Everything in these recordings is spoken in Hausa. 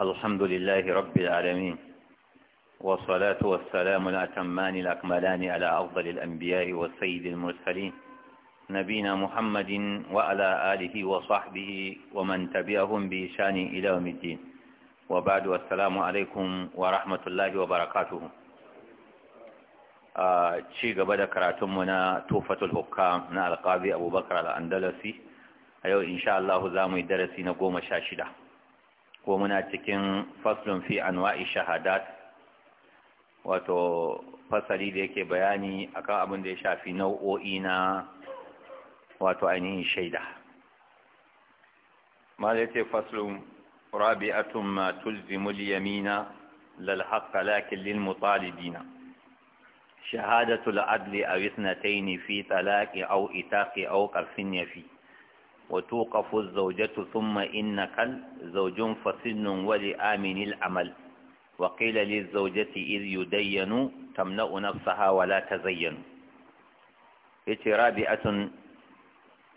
الحمد لله رب العالمين والصلاة والسلام الأتمان الأكملان على أفضل الأنبياء والسيد المرسلين نبينا محمد وعلى آله وصحبه ومن تبعهم بإشان إلى يوم الدين وبعد والسلام عليكم ورحمة الله وبركاته ci gaba da karatunmu na tufatul hukka na alkazi abubakar al'andalasi a yau insha Allah za mu yi darasi na goma sha shida ko muna cikin faslun fi anwa'i shahadat wato fasali da yake bayani akan abin da ya shafi nau'o'i na wato ainihin shaida ma da yake faslun rabi'atun ma tulzimul yamina lal haqqa lakin lil mutalibina shahadatu al adli aw ithnatayn fi talaqi aw itaqi aw qarfin yafi وتوقف الزوجة ثم إنك زوج فسن ولآمن العمل وقيل للزوجة إذ يدين تمنأ نفسها ولا تزين رابعة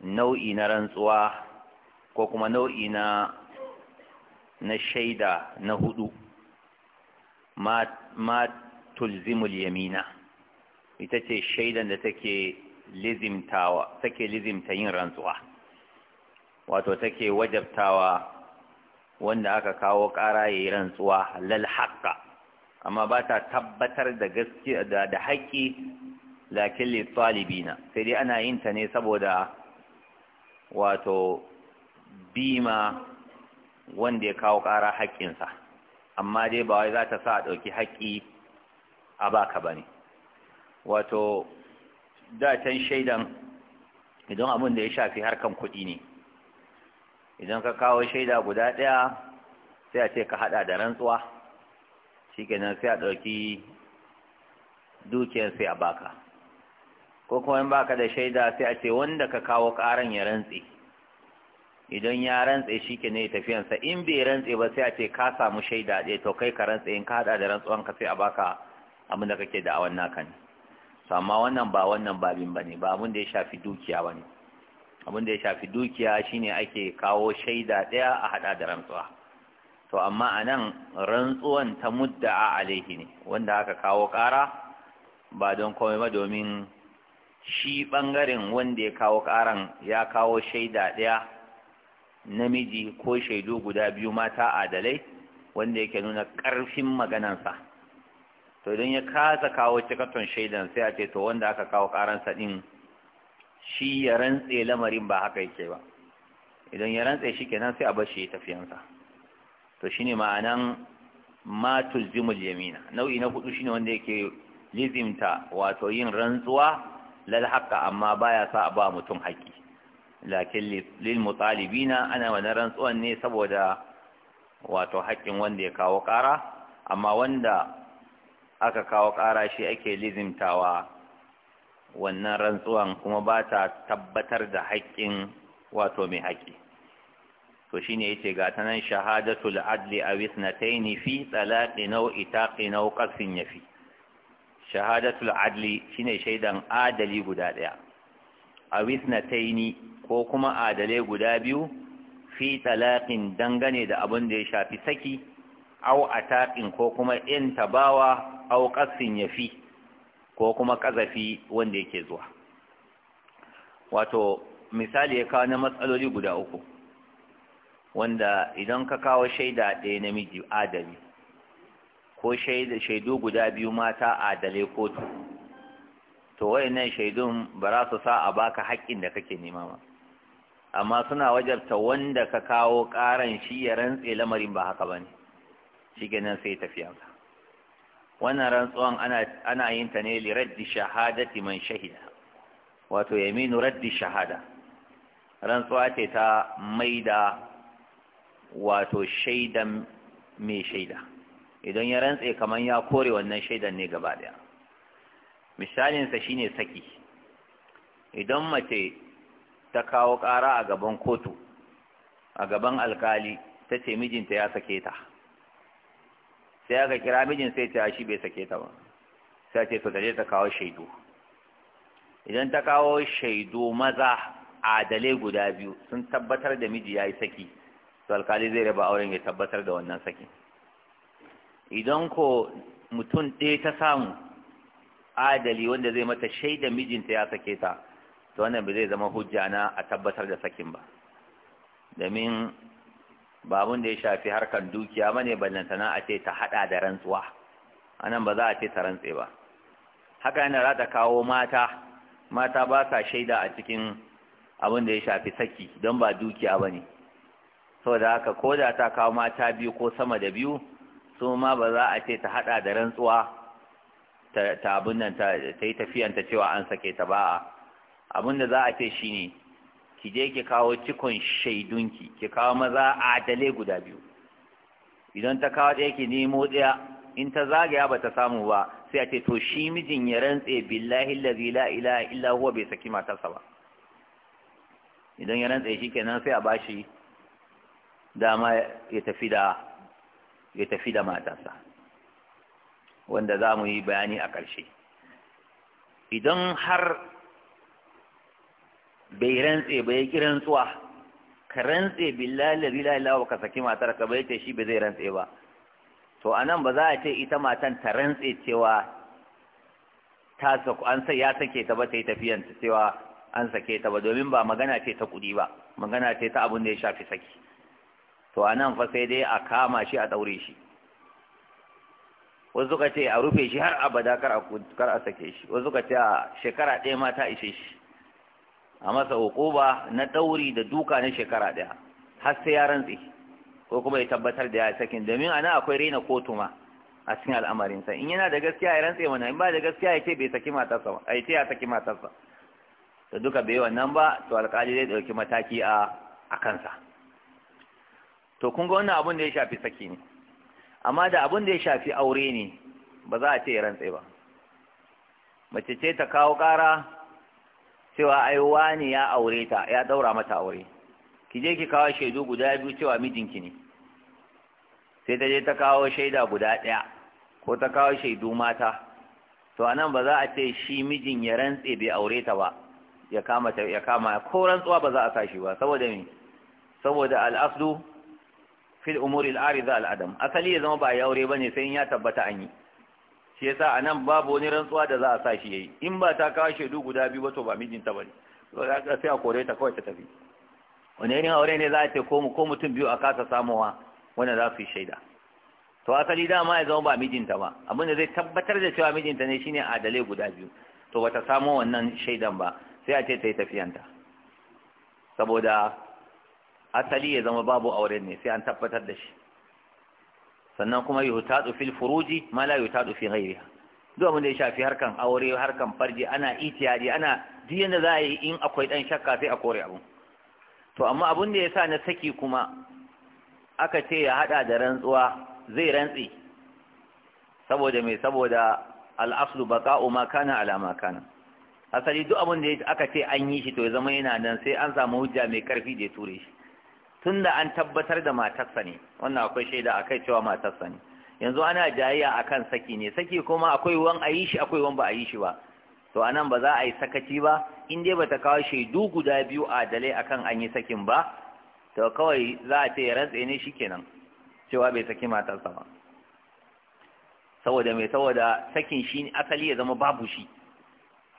nau'i na rantsuwa ko kuma nau'i na shaida na hudu ma, ma tulzimul yamina ita ce shaidan da take lizimta yin rantsuwa wato take wajabtawa wanda aka kawo ƙara ya yi rantsuwa halal haƙƙa amma ba ta tabbatar da gaskiya da haƙƙi lakin littalibina sai dai ana yin ta ne saboda wato bima wanda ya kawo ƙara haƙƙinsa amma dai ba wai za ta sa a ɗauki haƙƙi a baka ba ne wato da can shaidan idan abin da ya shafi harkan kuɗi ne idan ka kawo shaida guda ɗaya sai a ce ka haɗa da rantsuwa shi kenan sai a ɗauki dukiyar sai a baka ko kuma in baka da shaida sai a ce wanda ka kawo ƙaran ya rantse idan ya rantse shi kenan ya tafiyansa in bai rantse ba sai a ce ka samu shaida ɗaya to kai ka rantse in ka haɗa da rantsuwan ka sai a baka abin da kake da awan naka ne amma wannan ba wannan babin ba ne, ba abin da ya shafi dukiya ba ne. abin da ya shafi dukiya shine ake kawo shaida daya a hada da rantsuwa to amma a rantsuwan ta mudda'a alaihi ne wanda aka kawo kara ba don komai ba domin shi bangaren wanda ya kawo ƙaran ya kawo shaida daya namiji ko shaidu guda biyu mata adalai wanda yake nuna ƙarfin maganansa to idan ya kasa kawo cikaton shaidan sai a ce to wanda aka kawo ƙaransa din... shi ya rantse lamarin ba haka yake ba idan ya rantse shi kenan sai a bar shi tafiyansa to shine ma'anan ma tulzimul yamina nau'i na hudu shine wanda yake lizimta wato yin rantsuwa lal haqa amma baya sa a ba mutum haƙi lakin lil mutalibina ana wannan rantsuwan ne saboda wato haƙin wanda ya kawo ƙara amma wanda aka kawo ƙara shi ake lizimtawa wannan rantsuwan kuma ba ta tabbatar da haƙƙin wato mai haƙƙi to shi ya yace ga ta shahadatul adli wisnatai ithnatayn fi talaqi nau'i taqi naw ya fi. shahadatul adli shine shaidan adali guda ɗaya, a wisnatai ni ko kuma adalai guda biyu fi talaqin dangane da abin da ya shafi saki au a taƙin ko kuma in tabawa aw ya fi. ko kuma kazafi wanda yake zuwa wato misali ya kawo na matsaloli guda uku wanda idan ka kawo shaida ɗaya namiji adali ko shaidu guda biyu mata adale kotu to wayannan shaidun ba za su sa a baka haƙƙin da kake nema ba. amma suna wajabta wanda ka kawo ƙaran shi ya rantse lamarin ba haka ba ne. Shi shikenan sai tafiya wannan rantsuwan ana yin ta ne li raddi shahadati man shahida wato yaminu raddi shahada rantsuwa ce ta maida wato shaidan mai shaida idan ya rantse kamar ya kore wannan shaidan ne gaba daya misalinsa shine saki idan mace ta kawo ƙara a gaban kotu a gaban alkali ta ce mijinta ya sake ta sai aka kira mijin sai ta shi bai sake ta ba sai ce to ta kawo shaidu idan ta kawo shaidu maza adale guda biyu sun tabbatar da miji ya yi saki to alkali zai raba auren ya tabbatar da wannan sakin idan ko mutum ɗaya ta samu adali wanda zai mata shaida mijinta ya sake ta to wannan ba zai zama hujja na a tabbatar da sakin ba domin ba abin da ya shafi harkar dukiya bane ballantana a ce ta hada da rantsuwa anan ba za a ce ta rantse ba haka yana za ta kawo mata mata ba sa shaida a cikin abin da ya shafi saki don ba dukiya bane saboda haka ko da ta kawo mata biyu ko sama da biyu su ma ba za a ce ta hada da rantsuwa ta abin nan ta yi tafiyanta cewa an sake ta ba abin da za a ce shine ki je ki kawo cikon shaidunki ki kawo maza a adale guda biyu idan ta kawo ɗaya ki nemo ɗaya in ta zagaya ba ta samu ba sai a ce to shi mijin ya rantse billahi allazi la ilaha illa huwa bai saki matarsa ba idan ya rantse shi kenan sai a bashi dama ya tafi da ya tafi da matarsa wanda za mu yi bayani a ƙarshe idan har bai rantse bai ya rantsuwa ka rantse billahi la ilaha illa ka saki matar ka bai ce shi bai zai rantse ba to anan ba za a ce ita matan ta rantse cewa ta saku an sai ya sake ta ba ta yi tafiyan ta cewa an sake ta ba domin ba magana ce ta kuɗi ba magana ce ta abin da ya shafi saki to anan fa sai dai a kama shi a daure shi wasu suka ce a rufe shi har abada kar a sake shi wasu suka ce a shekara ɗaya ma ta ishe shi a masa hukuba, na ɗauri da duka na shekara ɗaya har sai ya rantse ko kuma ya tabbatar da ya sakin domin ana akwai raina kotu ma a cikin al'amarinsa in yana da gaskiya ya rantse mana in ba da gaskiya ya ce bai saki matarsa ba ai ce ya saki matarsa da duka bai wannan ba to alƙali zai ɗauki mataki a a kansa to kun ga wannan abun da ya shafi saki ne amma da abun da ya shafi aure ne ba za a ce ya rantse ba mace ce ta kawo ƙara cewa ai wani ya aure ta ya daura mata aure ki je ki kawo shaidu guda biyu cewa mijinki ne sai ta je ta kawo shaida guda ɗaya ko ta kawo shaidu mata to anan ba za a ce shi mijin ya rantse bai aure ta ba ya kama ta ya kama ko rantsuwa ba za a sashi ba saboda me saboda al fil umuri asali ya zama ba ya aure bane sai in ya tabbata an yi shi yasa anan babu wani rantsuwa da za a sa shi yayi in ba ta kawo shaidu guda biyu ba to ba mijinta bane to za ka sai a kore ta kawai ta tafi wani irin aure ne za a ce ko ko mutum biyu a kasa samowa wanda za su yi shaida to asali dama ya zama ba mijinta ba abin da zai tabbatar da cewa mijinta ne shine adalai guda biyu to bata samo wannan shaidan ba sai a ce ta yi tafiyanta saboda asali ya zama babu auren ne sai an tabbatar da shi sannan kuma yuhtadu fil furuji ma la yuhtadu fi ghayriha duk abin da ya shafi harkan aure harkan farji ana itiyadi ana duk da za a yi in akwai dan shakka sai a kore abu to amma abun da ya sa na saki kuma aka ce ya hada da rantsuwa zai rantsi saboda mai saboda al'aslu baka'u ma kana alama kana asali duk abin da aka ce an yi shi to ya zama yana nan sai an samu hujja mai karfi da ya ture shi tunda an tabbatar da matarsa ne wannan akwai shaida a kai cewa matarsa ne yanzu ana jayayya kan saki ne saki kuma akwai wan a yi shi akwai wan ba a yi shi ba to a nan ba za a yi sakaci ba in dai bata kawo shaidu guda biyu adalai akan an yi sakin ba to kawai za a ce ya rantse ne kenan cewa bai saki matarsa ba saboda mai saboda sakin shi asali ya zama babu shi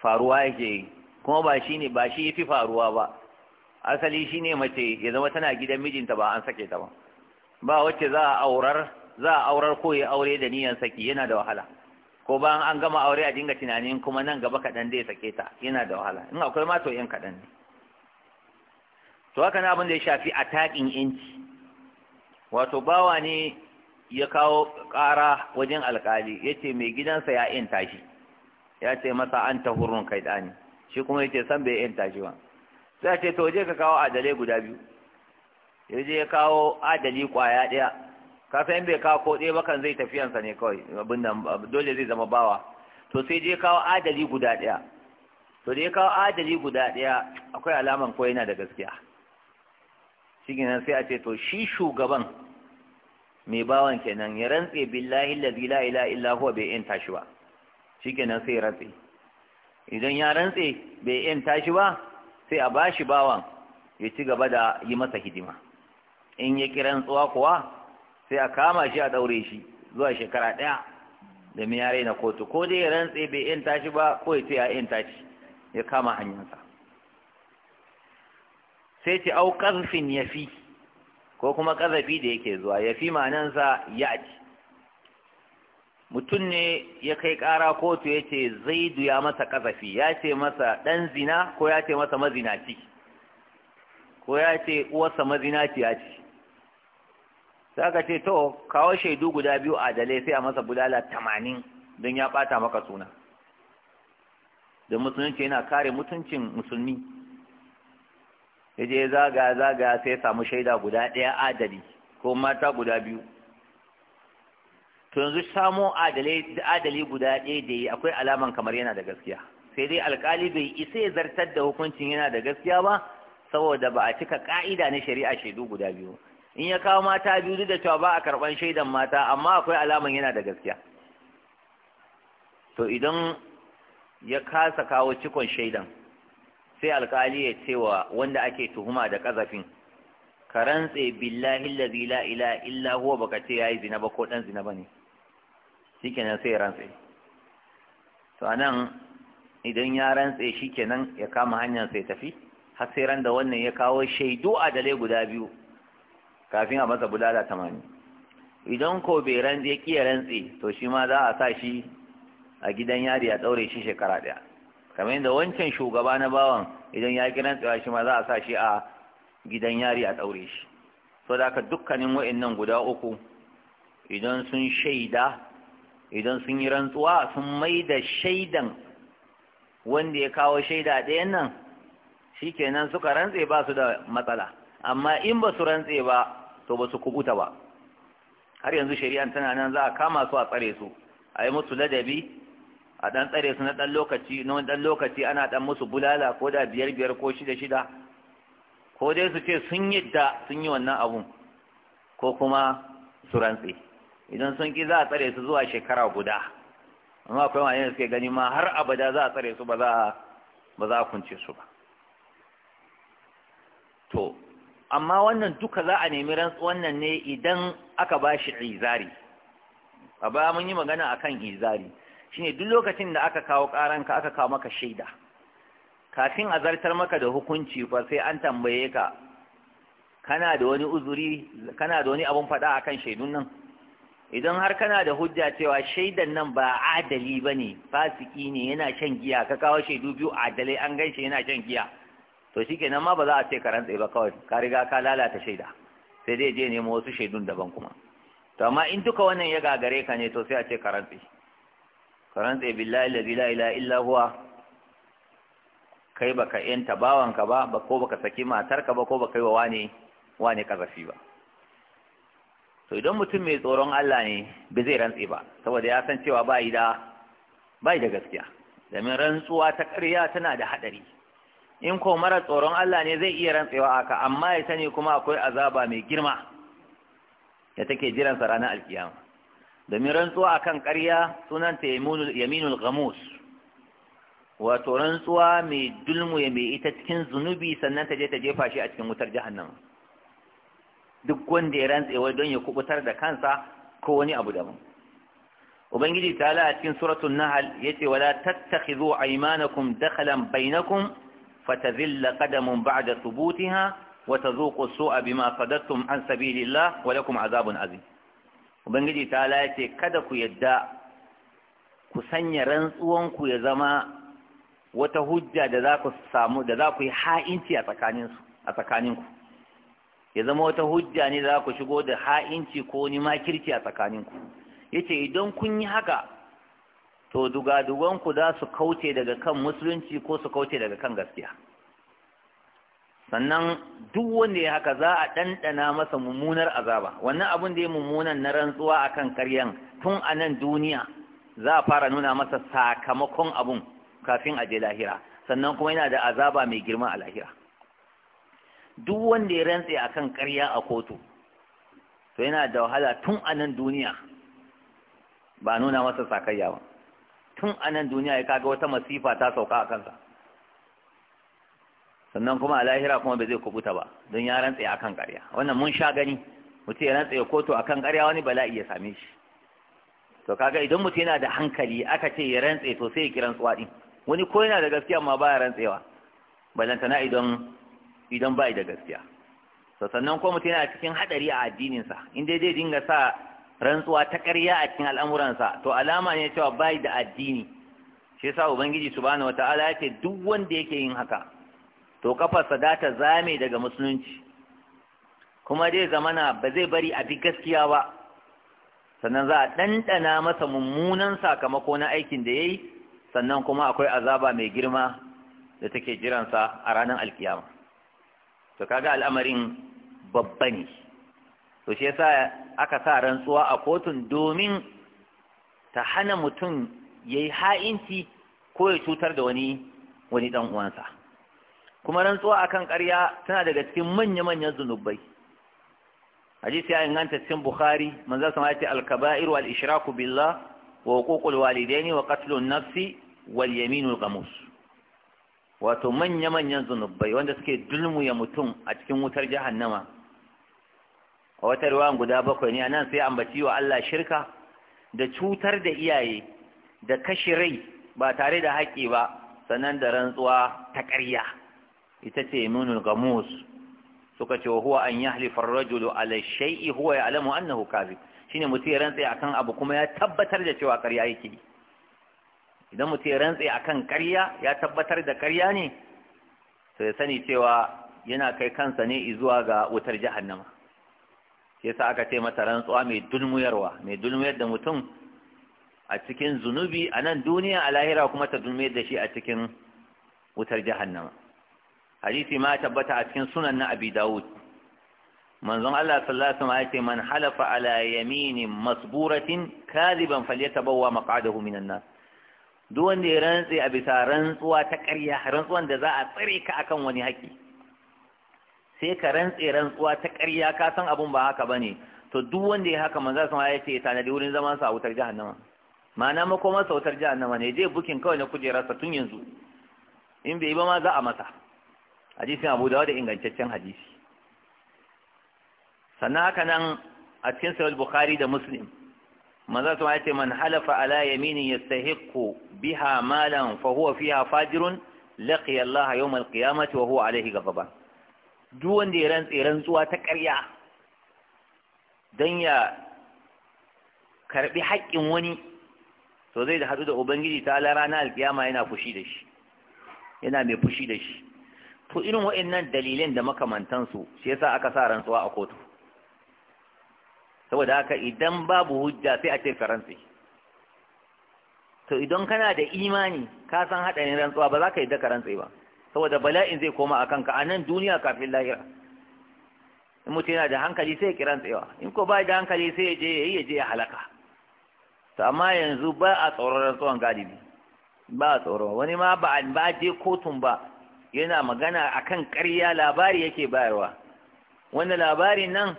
faruwa yake kuma ba shi ne ba shi yafi faruwa ba asali shine mace ya zama tana gidan mijinta ba an sake ta ba ba wacce za a aurar za a aurar ko ya aure da niyan saki yana da wahala ko ba an gama aure a dinga tunanin kuma nan gaba kaɗan zai sake ta yana da wahala in akwai ma to yan kaɗan ne to haka na abin da ya shafi a taƙin inci wato bawa ne ya kawo ƙara wajen alƙali ya ce mai gidansa ya yanta shi ya ce masa an ta hurun kai ɗani shi kuma ya ce san bai yanta shi ba sai a ce to je ka kawo adalai guda biyu ya je ya kawo adali kwaya ɗaya ka san bai kawo ko ɗaya bakan zai tafiyansa ne kawai abin nan dole zai zama bawa to sai je kawo adali guda ɗaya to da ya kawo adali guda ɗaya akwai alaman ko yana da gaskiya shi nan sai a ce to shi shugaban mai bawan kenan ya rantse billahi allazi la ila illa huwa bai 'yan tashi ba shi nan sai ya rantse idan ya rantse bai 'yan tashi ba sai a bashi bawan ya ci gaba da yi masa hidima in ya kiran tsuwa kuwa sai a kama shi a ɗaure shi zuwa shekara ɗaya da miyare na kotu ko dai ya rantse bai yan tashi ba ko ya ce ya tashi ya kama hanyarsa sai ce au ƙarfin yafi fi ko kuma ƙarfi da yake zuwa yafi fi manansa ya ci mutum ne ya kai ƙara kotu ya ce zaidu ya masa ƙazafi ya ce masa ɗan zina ko ya ce masa mazinaci ko ya ce uwarsa mazinaci ya ce ta ka ce to kawo shaidu guda biyu a dalai sai a masa bulala tamanin don ya ɓata maka suna da musulunci yana kare mutuncin musulmi ya je zagaya zaga sai ya samu shaida guda ɗaya adali ko mata guda biyu to yanzu samo adali guda ɗaya da yi akwai alaman kamar yana da gaskiya sai dai alkali bai isa ya zartar da hukuncin yana da gaskiya ba saboda ba a cika ka'ida na shari'a shaidu guda biyu in ya kawo mata biyu duk da cewa ba a karɓan shaidan mata amma akwai alaman yana da gaskiya to idan ya kasa kawo cikon shaidan sai alkali ya ce wa wanda ake tuhuma da kazafin ka rantse billahi la ilaha illa huwa baka ce yayi zina ba ko dan zina bane shikenan sai ya rantse to anan idan ya rantse shi shikenan ya kama hanyar sai tafi har sai ran da wannan ya kawo shaidu a dale guda biyu kafin a masa bulala tamanin idan ko bai rantse ya kiya rantse to shi ma za a sa shi a gidan yari a daure shi shekara daya kamar yadda wancan shugaba na bawan idan ya ki rantsewa shi ma za a sa shi a gidan yari a daure shi so da haka dukkanin wa'annan guda uku idan sun shaida idan sun yi rantsuwa sun mai da shaidan wanda ya kawo shaida ɗayan nan shi kenan suka rantse ba su da matsala amma in ba su rantse ba to ba su kubuta ba har yanzu shari'an tana nan za a kama su a tsare su a yi musu ladabi a ɗan tsare su na ɗan lokaci na wani ɗan lokaci ana ɗan musu bulala ko da biyar biyar ko shida shida ko dai su ce sun da, sun yi wannan abun ko kuma su rantse idan sun ki za a tsare su zuwa shekara guda amma akwai wani ne suke gani ma har abada za a tsare su ba za a kunce su ba to amma wannan duka za a nemi wannan ne idan aka ba shi izari a baya mun yi magana akan izari shine duk lokacin da aka kawo karanka aka kawo maka shaida kafin a zartar maka da hukunci fa sai an tambaye ka kana da wani uzuri kana da wani abun faɗa akan shaidun nan idan har kana da hujja cewa shaidan nan ba adali ba ne fasiki ne yana shan giya ka kawo shaidu biyu adalai an gan shi yana shan giya to shi kenan ma ba za a ce ka rantse ba kawai ka riga ka lalata shaida sai dai je nemo wasu shaidun daban kuma to amma in duka wannan ya gagare ka ne to sai a ce ka rantse ka rantse billahi la ilaha illa kai baka yanta bawanka ba ko baka saki matarka ba ko baka yi wa wane wane kazafi ba to idan mutum mai tsoron Allah ne ba zai rantse ba saboda ya san cewa bai da bai da gaskiya domin rantsuwa ta ƙarya tana da haɗari in ko mara tsoron Allah ne zai iya rantsewa aka. amma ya sani kuma akwai azaba mai girma da take jiransa ranar alkiyama domin rantsuwa akan ƙarya ta yaminul ghamus wato rantsuwa mai dulmu ya mai ita cikin zunubi sannan ta je ta jefa shi a cikin wutar jahannama duk wanda ya rantse wai don ya kubutar da kansa ko wani abu daban ubangiji ta'ala a cikin suratul nahl yace wala tattakhidhu aymanakum dakhalan bainakum fatazilla qadamun ba'da thubutiha wa tazuqu su'a bima qadattum an sabilillah wa lakum azabun azim ubangiji ta'ala yace kada ku yadda ku sanya ku ya zama wata hujja da za ku samu da za ku yi ha'inci a tsakaninku ya zama wata hujja ne za ku shigo da ha'inci ko nima makirci a tsakaninku yace idan kun yi haka to ku za su kauce daga kan musulunci ko su kauce daga kan gaskiya sannan duk wanda ya haka za a ɗanɗana masa mummunar azaba wannan abun da ya mummunan na rantsuwa akan karyan tun a nan duniya za a fara nuna masa sakamakon abun kafin a je lahira sannan kuma yana da azaba mai girma a lahira duk wanda ya rantse kan ƙarya a kotu to yana da wahala tun a nan duniya ba nuna masa sakayya ba tun a nan duniya ya kaga wata masifa ta sauka a kansa sannan kuma a lahira kuma bai zai kubuta ba don ya rantse kan ƙarya wannan mun sha gani mutum ya rantse kotu a kan ƙarya wani bala'i ya same shi to kaga idan mutum yana da hankali aka ce ya rantse to sai ya kiran tsuwa wani ko yana da gaskiya ma baya rantsewa balantana idan idan bai da gaskiya sannan kuma mutum yana cikin haɗari a addininsa in dai zai dinga sa rantsuwa ta ƙarya a cikin al'amuransa to alama ne cewa bai da addini shi yasa ubangiji subhanahu wataala ya ce duk wanda yake yin haka to kafarsa za ta zame daga musulunci kuma zai zamana ba zai bari a bi gaskiya ba sannan za a ɗanɗana masa mummunan sakamako na aikin da ya yi sannan kuma akwai azaba mai girma da take jiransa a ranar alkiyama to kaga al'amarin babba ne to shi yasa aka sa rantsuwa a kotun domin ta hana mutum ya yi ha'inci ko ya cutar da wani wani ɗan uwansa kuma rantsuwa akan ƙarya tana daga cikin manya-manyan zunubai hadisi ya inganta cikin bukhari manzo sama yace al-kaba'ir wal ishraku billah wa huququl walidaini wa qatlun nafsi wal yaminul ghamus wato manya-manyan zunubai wanda suke dulmu ya mutum a cikin wutar jahannama a wata ruwan guda bakwai ne a nan sai ambaci wa Allah shirka da cutar da iyaye da kashe rai ba tare da haƙƙi ba sannan da rantsuwa ta ƙarya ita ce nunul gamus suka ce wa huwa an yahlifa ar-rajulu ala shay'i huwa ya'lamu annahu kadhib shine mutum ya rantsa akan abu kuma ya tabbatar da cewa ƙarya yake idan mutum ya rantse kan ƙarya ya tabbatar da ƙarya ne to ya sani cewa yana kai kansa ne zuwa ga wutar jahannama Ke sa aka ce mata rantsuwa mai dulmuyarwa mai dulmuyar da mutum a cikin zunubi a nan duniya a lahira kuma ta dulmuyar da shi a cikin wutar jahannama hadisi ma tabbata a cikin sunan na abi dawud manzon Allah sallallahu alaihi wasallam ya ce man halafa ala yaminin masburatin kadiban falyatabawa maq'adahu minan nas duk wanda ya rantse a bisa rantsuwa ta ƙarya rantsuwan da za a tsare ka akan wani haƙi sai ka rantse rantsuwa ta ƙarya ka san abun ba haka bane to duk wanda ya haka manzo sun ya ce ya tanadi wurin zaman sa a wutar jahannama ma'ana makomar sa wutar jahannama ne je bukin kawai na kujera sa tun yanzu in bai ba ma za a masa hadisin Abu Dawud da ingantaccen hadisi sannan haka nan a cikin sahih Bukhari da Muslim manzo sun ce man halafa ala yaminin yastahiqqu biha malan fa huwa fiha fajirun laqiya Allah yawm al wa huwa alayhi ghadaba duk wanda ya rantsa rantsuwa ta ƙarya dan ya karbi haƙƙin wani to zai da hadu da ubangiji ta ala ranar alkiyama yana fushi da shi yana mai fushi da shi to irin waɗannan dalilan da makamantansu shi yasa aka sa rantsuwa a kotu saboda haka idan babu hujja sai a ce ka to idan kana da imani ka san haɗarin rantsuwa ba za ka yi da ka ba saboda bala'in zai koma a kanka a nan duniya kafin lahira in mutum yana da hankali sai ya kiran yawa, in ko ba da hankali sai ya je ya yi ya je ya halaka to amma yanzu ba a tsoron rantsuwan galibi ba a tsoro wani ma ba a je kotun ba yana magana akan ƙarya labari yake bayarwa wanda labarin nan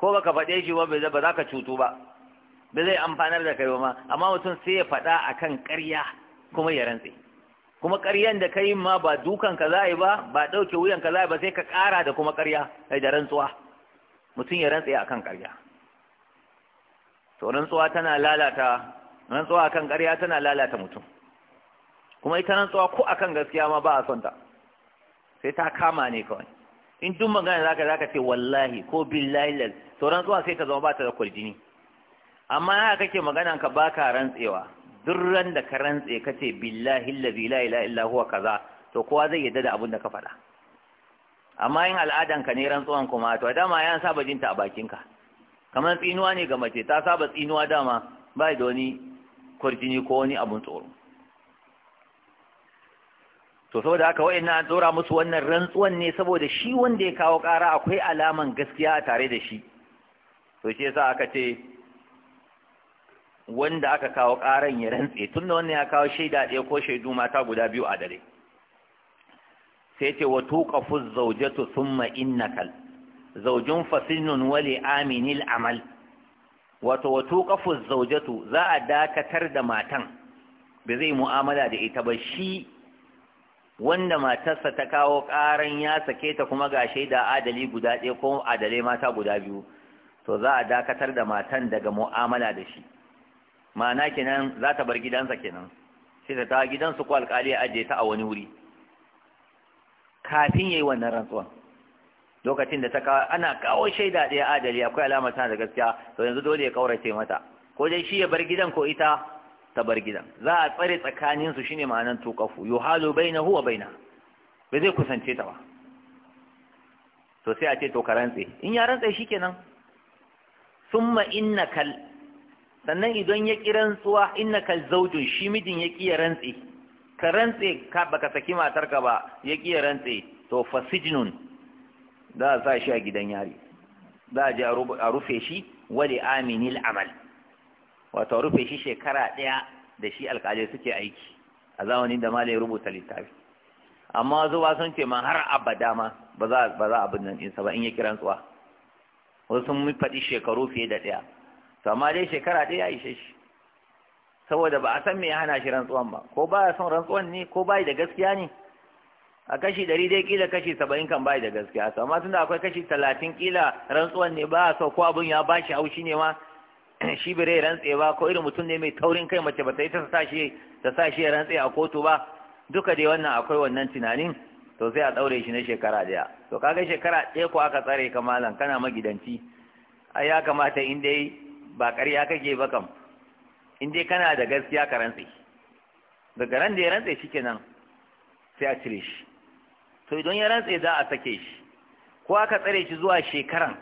ko baka faɗe shi ba ba za ka cutu ba ba zai amfanar da kai ba ma amma mutum sai ya faɗa akan ƙarya kuma ya rantse kuma ƙaryan da ka yi ma ba dukan ka za yi ba ba ɗauke wuyan ka za yi ba sai ka ƙara da kuma ƙarya da rantsuwa mutum ya rantse akan ƙarya to rantsuwa tana lalata rantsuwa kan ƙarya tana lalata mutum kuma ita rantsuwa ko akan gaskiya ma ba a son ta sai ta kama ne kawai in duk magana zaka zaka ce wallahi ko billahi lal sauran zuwa sai ta zama ba ta da kwaljini amma haka kake magana ka baka rantsewa duk ran da ka rantse ka ce billahi allazi la ilaha illa huwa kaza to kowa zai yarda da abin da ka faɗa amma in al'adan ka ne rantsuwan kuma to dama ya saba jinta a bakinka kamar tsinuwa ne ga mace ta saba tsinuwa dama ba da wani kwarjini ko wani abun tsoro to saboda haka wayannan an tsora musu wannan rantsuwan ne saboda shi wanda ya kawo ƙara akwai alaman gaskiya tare da shi to shi yasa aka ce wanda aka kawo ƙaran ya rantse tun da wannan ya kawo shaida ɗaya ko shaidu mata guda biyu a dare sai ce wa tuqafu zawjatu thumma innakal zawjun fasinun wali aminil amal wato wa tuqafu zawjatu za a dakatar da matan ba zai mu'amala da ita ba shi wanda matarsa ta kawo ƙaran ya sake ta kuma ga shaida adali guda ɗaya ko adalai mata guda biyu to za a dakatar da matan daga mu'amala da shi ma'ana kenan za ta bar gidansa kenan sai ta tawa gidansu ko alƙali ya ajiye ta a wani wuri kafin ya yi wannan rantsuwan. lokacin da ta kawo ana kawo shaida ɗaya adali akwai alamar tana da gaskiya to yanzu dole ya kaurace mata ko dai shi ya bar gidan ko ita ta bar gidan za a tsare tsakanin su shine ma'anan tuqafu halu baina huwa baina ba zai kusance ta ba to sai a ce to karantse in ya rantse shikenan summa kal. sannan idan ya ki rantsuwa kal zawjun shi mijin ya ki ya rantse ka rantse ka baka saki matarka ba ya ki ya rantse to fasijnun za a sa shi a gidan yari za a je a rufe shi wali aminil amal wato rufe shi shekara ɗaya da shi alƙalai suke aiki a zamanin da malai rubuta littafi amma zuwa sun ce ma har abada ma ba za a abin nan insa ba in ya kiran tsuwa wasu sun faɗi shekaru fiye da ɗaya to amma dai shekara ɗaya ishe shi saboda ba a san me ya hana shi rantsuwan ba ko ba ya son rantsuwan ne ko ba da gaskiya ne a kashi ɗari dai kila kashi saba'in kan bai da gaskiya to amma tunda akwai kashi talatin kila rantsuwan ne ba a so ko abin ya bashi haushi ne ma shi bare rantse ba ko irin mutum ne mai taurin kai mace ba ta yi ta sashi ta sashi rantse a kotu ba duka dai wannan akwai wannan tunanin to sai a daure shi na shekara daya to kaga shekara ɗaya ko aka tsare ka malam kana magidanci ai ya kamata in dai ba ƙarya kake ba kam in dai kana da gaskiya ka rantse daga ran da ya rantse shikenan sai a cire shi to idan ya rantse za a sake shi ko aka tsare shi zuwa shekaran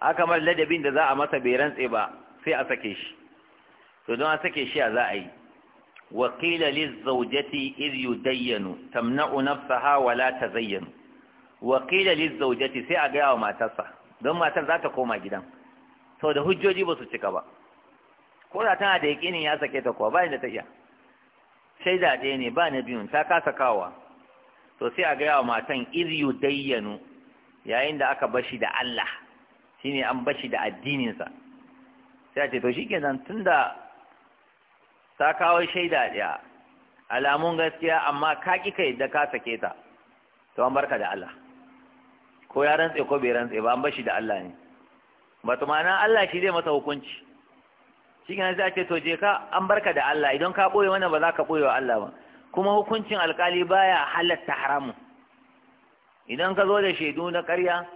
aka mar ladabin da za a masa bai rantse ba sai a sake shi to don a sake shi a za a yi wa qila liz zawjati yudayyanu tamna'u nafsaha wa la tazayyanu wa qila zawjati sai a ga wa matarsa don matar za ta koma gidan da hujjoji ba su cika ba ko da tana da yakinin ya sake ta kuwa ba da ta iya shaida ɗaya ne ba na biyun ta kasa kawa to sai a ga wa matan iz yudayyanu yayin da aka bashi da Allah Shi ne an bashi da addininsa sai a ce to shi ke nan tun da ta kawo shaida ɗaya alamun gaskiya amma ka ki kai da ka sake ta to an barka da Allah ko ya rantse ko bai rantse ba an bashi da Allah ne ba to ma'ana Allah shi zai masa hukunci nan sai a ce to je ka an barka da Allah idan ka ɓoye wannan ba za ka ɓoye wa Allah ba kuma hukuncin alƙali baya halatta haramun idan ka zo da shaidu na ƙarya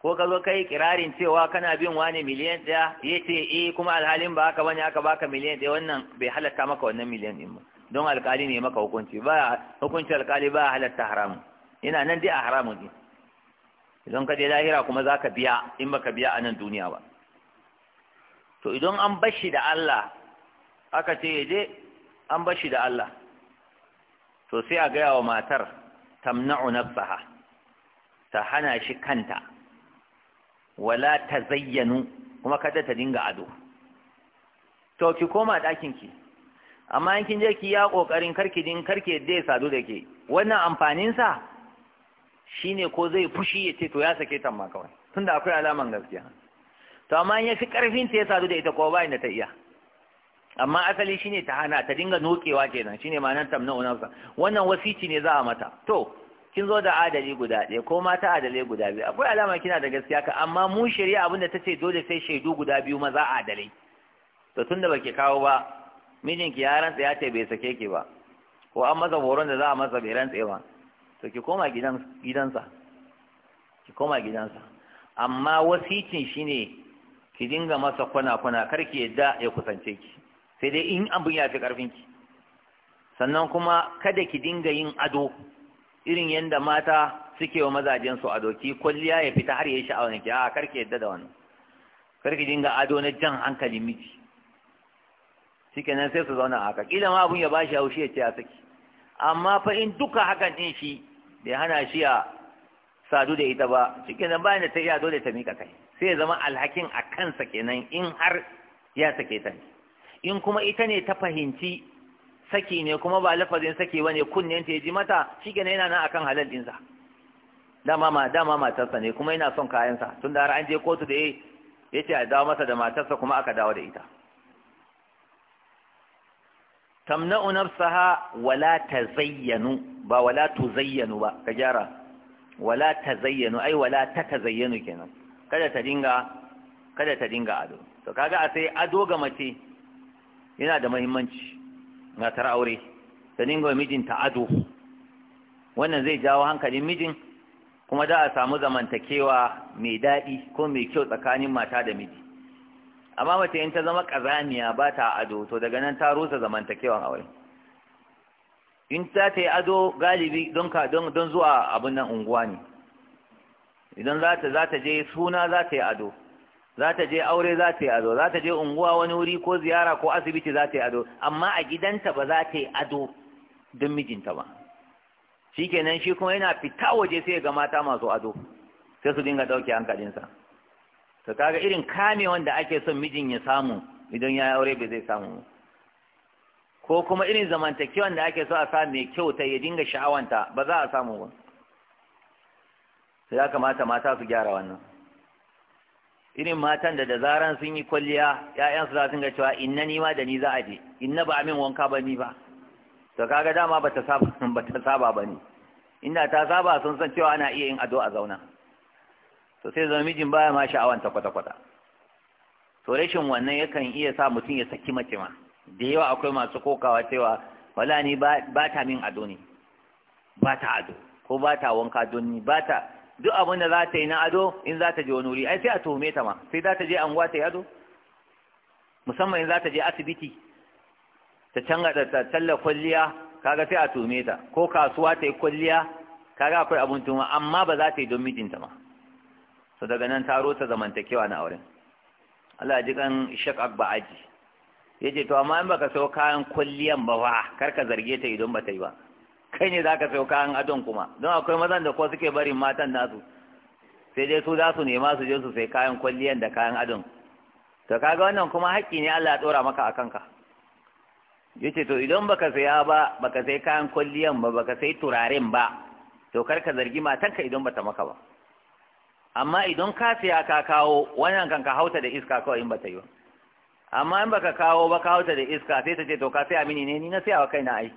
ko ka zo kai kirarin cewa kana bin wani miliyan ɗaya ya ce eh kuma alhalin ba haka bane aka baka miliyan ɗaya wannan bai halatta maka wannan miliyan ɗin ba don alkali ne maka hukunci ba hukunci alkali ba halatta haramun yana nan dai a haramu ne idan ka je lahira kuma za ka biya in ba ka biya a nan duniya ba to idan an bashi da Allah aka ce ya je an bashi da Allah to sai a gaya wa matar tamna'u nafsaha ta hana shi kanta wala ta zayyanu kuma kada ta dinga ado to ki koma ɗakin ki amma in kin je ki ya kokarin karki din karki da ya sadu da ke wannan amfanin sa shine ko zai fushi ya ce to ya sake ta ma kawai tunda akwai alaman gaskiya to amma in ya fi karfin ta ya sadu da ita ko ba inda ta iya amma asali shine ta hana ta dinga nokewa kenan shine ma'anar tamna unansa wannan wasici ne za a mata to kin zo da adali guda ɗaya ko mata adalai guda biyu akwai alama kina da gaskiya ka amma mu shari'a abinda ta ce dole sai shaidu guda biyu maza adalai to tunda baki kawo ba mijinki ya rantsa ya ce bai sake ki ba ko an masa horon da za a masa bai rantsa ba to ki koma gidansa ki koma gidansa amma wasikin shine ki dinga masa kwana kwana kar ki yadda ya kusance ki sai dai in abin ya fi karfin ki sannan kuma kada ki dinga yin ado irin yadda mata suke wa mazajen su a doki kwalliya ya fita har yayi sha'awar ki a karki yadda da wannan karki dinga ado na jan hankali miji shike nan sai su zauna a haka kila ma abun ya bashi haushi ya ce a saki amma fa in duka hakan din shi bai hana shi ya sadu da ita ba shike nan bayan da ta iya dole ta mika kai sai ya zama alhakin a kansa kenan in har ya sake ta in kuma ita ne ta fahimci saki ne kuma ba lafazin saki ba ne kunnen ta ji mata shi gane yana nan akan halal ɗinsa dama ma matarsa ne kuma yana son kayansa tun da har an je kotu da ya ce a dawo masa da matarsa kuma aka dawo da ita tamna'u nafsaha wala tazayyanu ba wala tuzayyanu ba ka gyara wala tazayyanu ai wala ta tazayyanu kenan kada ta dinga kada ta dinga ado to kaga a sai ado ga mace yana da muhimmanci matar aure ta dinga mijinta ado wannan zai jawo hankalin mijin kuma da a samu zamantakewa mai daɗi ko mai kyau tsakanin mata da miji amma mace in ta zama ƙazamiya ba ta ado to daga nan ta rusa zamantakewan aure in za ta yi ado galibi don ka don zuwa abin nan unguwa ne idan za ta je suna za ta yi ado za ta je aure za ta yi ado za ta je unguwa wani wuri ko ziyara ko asibiti za ta yi ado amma a gidanta ba za ta yi ado don mijinta ba shikenan shi kuma yana fita waje sai ga mata masu ado sai su dinga ɗauke hankalinsa to kaga irin kame wanda ake son mijin ya samu idan ya aure bai zai samu ko kuma irin zamantakewan da ake so a samu mai kyau ta ya dinga sha'awanta ba za a samu ba sai ya kamata mata su gyara wannan irin matan da da zaran sun yi kwalliya ‘ya'yansu za su ga cewa inna ni ma da ni za a je inna ba min wanka ba ni ba to kaga dama ba ta saba ba ne inda ta saba sun san cewa ana iya yin ado a zauna to sai zama mijin baya ma sha'awan ta kwata-kwata to rashin wannan yakan iya sa mutum ya saki mace ma da yawa akwai masu kokawa cewa wala ni ba ta min ado ne ba ta ado ko ba ta wanka don ni ba ta duk abin da za ta yi na ado in za ta je wani wuri ai sai a tuhume ta ma sai za ta je anguwa ta yi ado musamman in za ta je asibiti ta canza da talla kwalliya kaga sai a tuhume ta ko kasuwa ta yi kwalliya kaga akwai abin tuhuma amma ba za ta yi don mijinta ma so daga nan taro ta zamantakewa na auren Allah ya ji kan shak akba aji yace to amma in baka sayo kayan kwalliyan ba wa karka zarge ta idan ba ta yi ba kai ne za ka sayo kayan adon kuma don akwai mazan da ko suke barin matan nasu sai dai su za su nema su je su sai kayan kwalliyan da kayan adon to kaga wannan kuma haƙƙi ne Allah ya ɗora maka a kanka yace to idan baka saya ba baka sai kayan kwalliyan ba baka sai turaren ba to kar ka zargi matanka idan bata maka ba amma idan ka saya ka kawo wannan kan ka hauta da iska kawai in bata yi ba amma in baka kawo ba ka hauta da iska sai ta ce to ka saya mini ne ni na saya wa kaina ai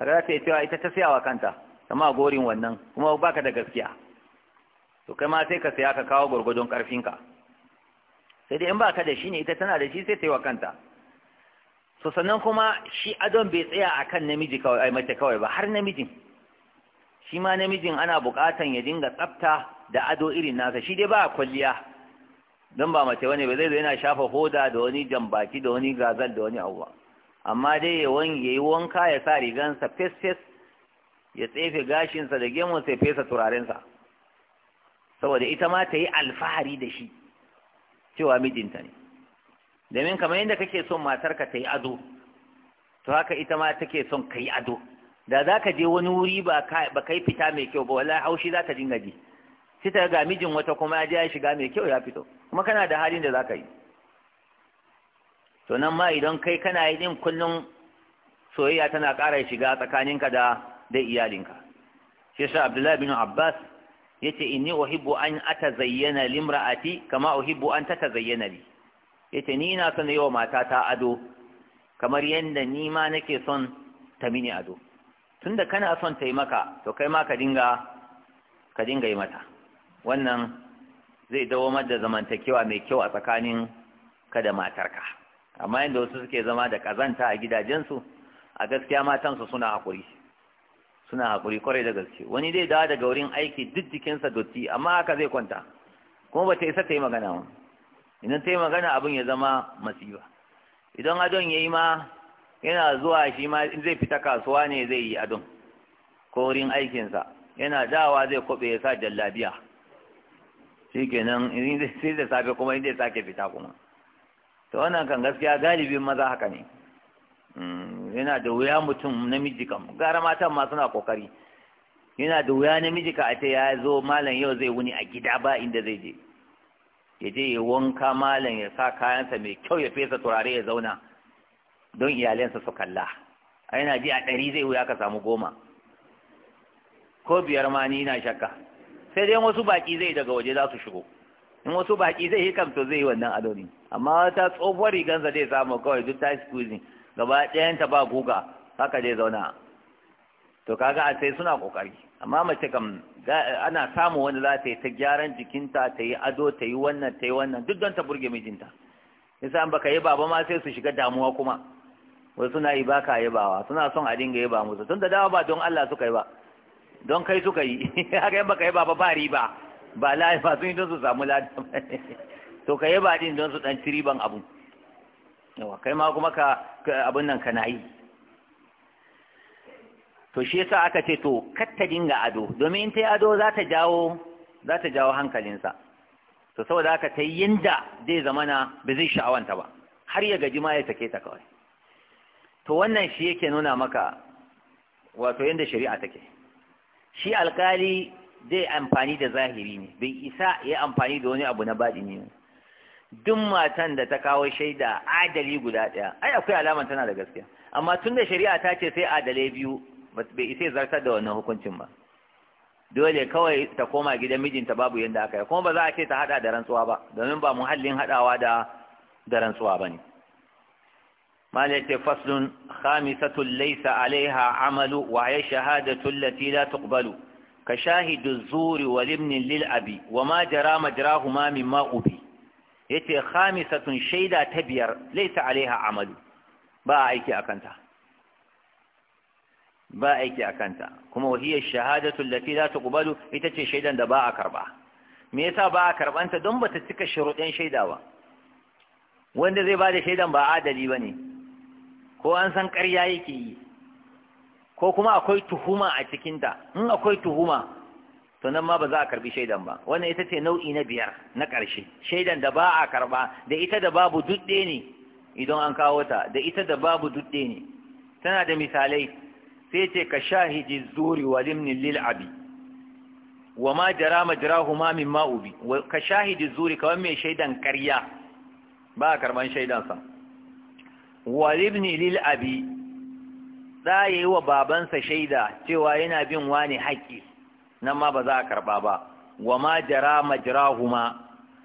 kaga za ta yi cewa ita ta siya wa kanta kama gorin wannan kuma baka da gaskiya to kai ma sai ka saya ka kawo gwargwadon ƙarfinka. sai dai in ka da shi ne ita tana da shi sai ta yi wa kanta so sannan kuma shi adon bai tsaya akan namiji kawai ai mace kawai ba har namijin shi ma namijin ana buƙatan ya dinga tsafta da ado irin nasa shi dai ba kwalliya don ba mace wani ba zai zo yana shafa hoda da wani jambaki da wani gazal da wani abuwa amma dai ya yi wanka ya sa rigansa fes-fes ya tsefe gashinsa da gemunsa ya fesa turarensa saboda ita ma ta yi alfahari da shi cewa mijinta ne domin kamar yadda kake son matarka ta yi ado to haka ita ma take son ka yi ado da za ka je wani wuri ba ka yi fita mai kyau ba wala haushi za ka dinga ji sita ga mijin wata kuma ya je ya shiga mai kyau ya fito kuma kana da halin da za ka yi to nan ma idan kai kana yi din kullum soyayya tana ƙara shiga tsakaninka da da iyalinka shi yasa Abdullahi bin Abbas yace inni uhibbu an atazayyana limra'ati kama uhibbu an tatazayyana li yace ni ina son mata ta ado kamar yadda ni ma nake son ta mini ado tunda kana son ta yi maka to kai ma ka dinga ka dinga yi mata wannan zai dawo da zamantakewa mai kyau a tsakanin ka da matarka amma yadda wasu suke zama da kazanta a gidajensu a gaskiya matansu suna haƙuri suna haƙuri kwarai da gaske wani zai dawo daga wurin aiki duk jikinsa dotti amma haka zai kwanta kuma ba ta isa ta yi magana ba idan ta yi magana abin ya zama masifa idan adon ya yi ma yana zuwa shi ma zai fita kasuwa ne zai yi adon ko wurin aikinsa yana dawa zai kwaɓe ya sa jallabiya shi kenan sai da safe kuma in zai sake fita kuma to wannan kan gaskiya galibin maza haka ne mm, yana da wuya mutum namiji kam gara matan ma suna kokari yana da wuya namiji ka a ce ya zo malam yau zai wuni a gida ba inda zai je ya je ya wanka malam ya sa kayansa mai kyau ya fesa turare ya zauna don iyalensa su kalla a yana ji a ɗari zai wuya ka samu goma ko biyar ma ni na shakka sai dai wasu baƙi zai daga waje za su shigo in wasu baƙi zai hikam to zai yi wannan adonin. amma ta tsohuwar rigansa zai samu kawai duk ta kuzi gaba ɗayanta ba guga haka zai zauna to kaga a sai suna kokari amma mace kam ana samu wanda za ta yi ta gyaran jikinta ta yi ado ta yi wannan ta yi wannan duk don ta burge mijinta yasa baka yi baba ma sai su shiga damuwa kuma wai suna yi baka yabawa suna son a dinga ba musu tun da dawa ba don Allah suka yi ba don kai suka yi haka yan baka yi baba ba riba ba lafi ba sun yi don su samu ladan to ka ba din don su dan tiriban abu yawa kai ma kuma ka abun nan ka nayi to shi yasa aka ce to katta dinga ado domin in ta yi ado za ta jawo za ta jawo hankalinsa to saboda haka ta yi yanda zai zamana ba zai sha'awanta ba har ya gaji ma ya take ta kawai to wannan shi yake nuna maka wato yanda shari'a take shi alkali zai amfani da zahiri ne bai isa ya amfani da wani abu na baɗi ne duk matan da ta kawo shaida adali guda ɗaya ai akwai alama tana da gaskiya amma tun da shari'a ta ce sai adalai biyu bai isa zartar da wannan hukuncin ba dole kawai ta koma gidan mijinta babu yadda aka yi kuma ba za a ce ta haɗa da rantsuwa ba domin ba muhallin haɗawa da da rantsuwa ba ne ce faslun khamisatul laysa alaiha amalu wa hiya shahadatul lati la tuqbalu ka shahidu zuri wal ibn lil abi wa ma jara majrahuma mimma ubi yace khamisatun shaida ta biyar laysa alaiha amalu ba a aiki kanta ba aiki kanta kuma wahiya shahadatu allati la tuqbalu ita ce shaidan da ba a karba me yasa ba a karbanta don ba ta cika sharuɗin shaida ba wanda zai ba bada shaidan ba adali bane ko an san ƙarya yake yi ko kuma akwai tuhuma a cikinta in akwai tuhuma to nan ma ba za a karbi shaidan ba wannan ita ce nau'i na biyar na ƙarshe shaidan da ba a karba da ita da babu dudde ne idan an kawo ta da ita da babu dudde ne tana da misalai sai ce ka shahidi zuri wa limnin lil abi wa ma jara majrahu ma min ma ubi ka shahidi zuri kawai mai shaidan karya, ba a karban shaidansa wa limnin lil abi za yi wa babansa shaida cewa yana bin wani haƙi nan ma ba za a karɓa ba wa ma jara majrahuma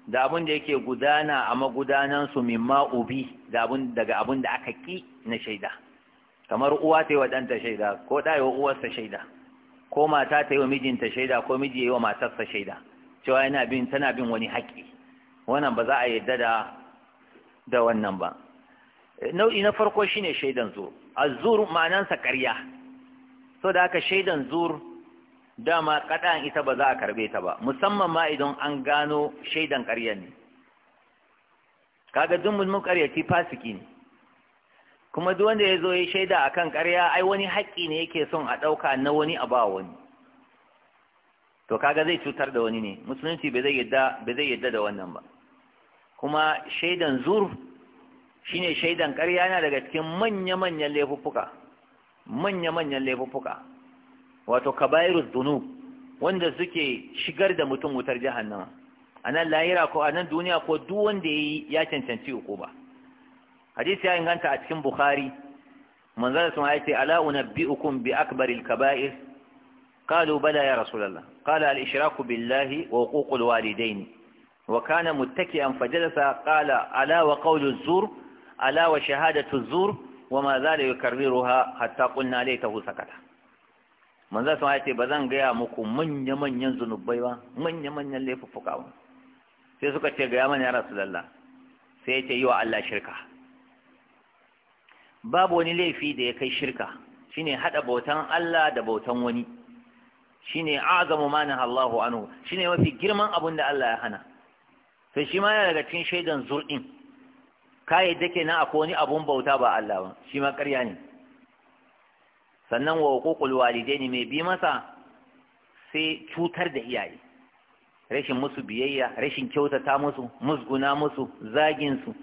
da abin da yake gudana a magudanan su ma ubi da abin daga abin da aka ki na shaida kamar uwa ta yi wa ɗanta shaida ko ɗa yi wa uwarsa shaida ko mata ta yi wa mijinta shaida ko miji ya yi wa matarsa shaida cewa yana bin tana bin wani haƙƙi wannan ba za a yarda da da wannan ba nau'i na farko shine shaidan zur azzur ma'anansa ƙarya so da haka shaidan zur dama kadan ita ba za a karbe ta ba musamman ma idan an gano shaidan ƙarya ne kaga duk mun ƙaryaci fasiki ne kuma duk wanda ya zo ya shaida akan ƙarya ai wani haƙƙi ne yake son a ɗauka na wani a ba wani to kaga zai cutar da wani ne musulunci bai zai yadda bai zai yadda da wannan ba kuma shaidan zur shine shaidan ƙarya yana daga cikin manya-manyan laifuffuka manya-manyan laifuffuka wato kabairus dunub wanda suke shigar da mutum wutar jahannama a nan lahira ko a nan duniya ko duk wanda ya ya cancanci uku ba hadisi ya inganta a cikin bukhari manzo da sunaye ce ala unabbiukum bi akbaril kaba'ir qalu bala ya rasulullah qala al ishraku billahi wa huququl walidain wa kana muttaki'an fajalasa qala ala wa qawlu zur ala wa shahadatu zur wa ma zalika yukarriruha hatta qulna laytahu sakata manzo sun ce ba zan gaya muku manya-manyan zunubai ba manya-manyan laifuffuka ba sai suka ce gaya mana ya rasulullah sai ya ce yi wa Allah shirka babu wani laifi da ya kai shirka shine hada bautan Allah da bautan wani shine azamu ma Allahu anhu shine mafi girman abun da Allah ya hana Sai shi ma yana daga cikin shaidan zurdin kai ke na akwai wani abun bauta ba Allah ba shi ma ƙarya ne sannan wa walidai walidaini mai bi masa sai cutar da iyaye rashin musu biyayya rashin kyautata musu musguna musu zagin su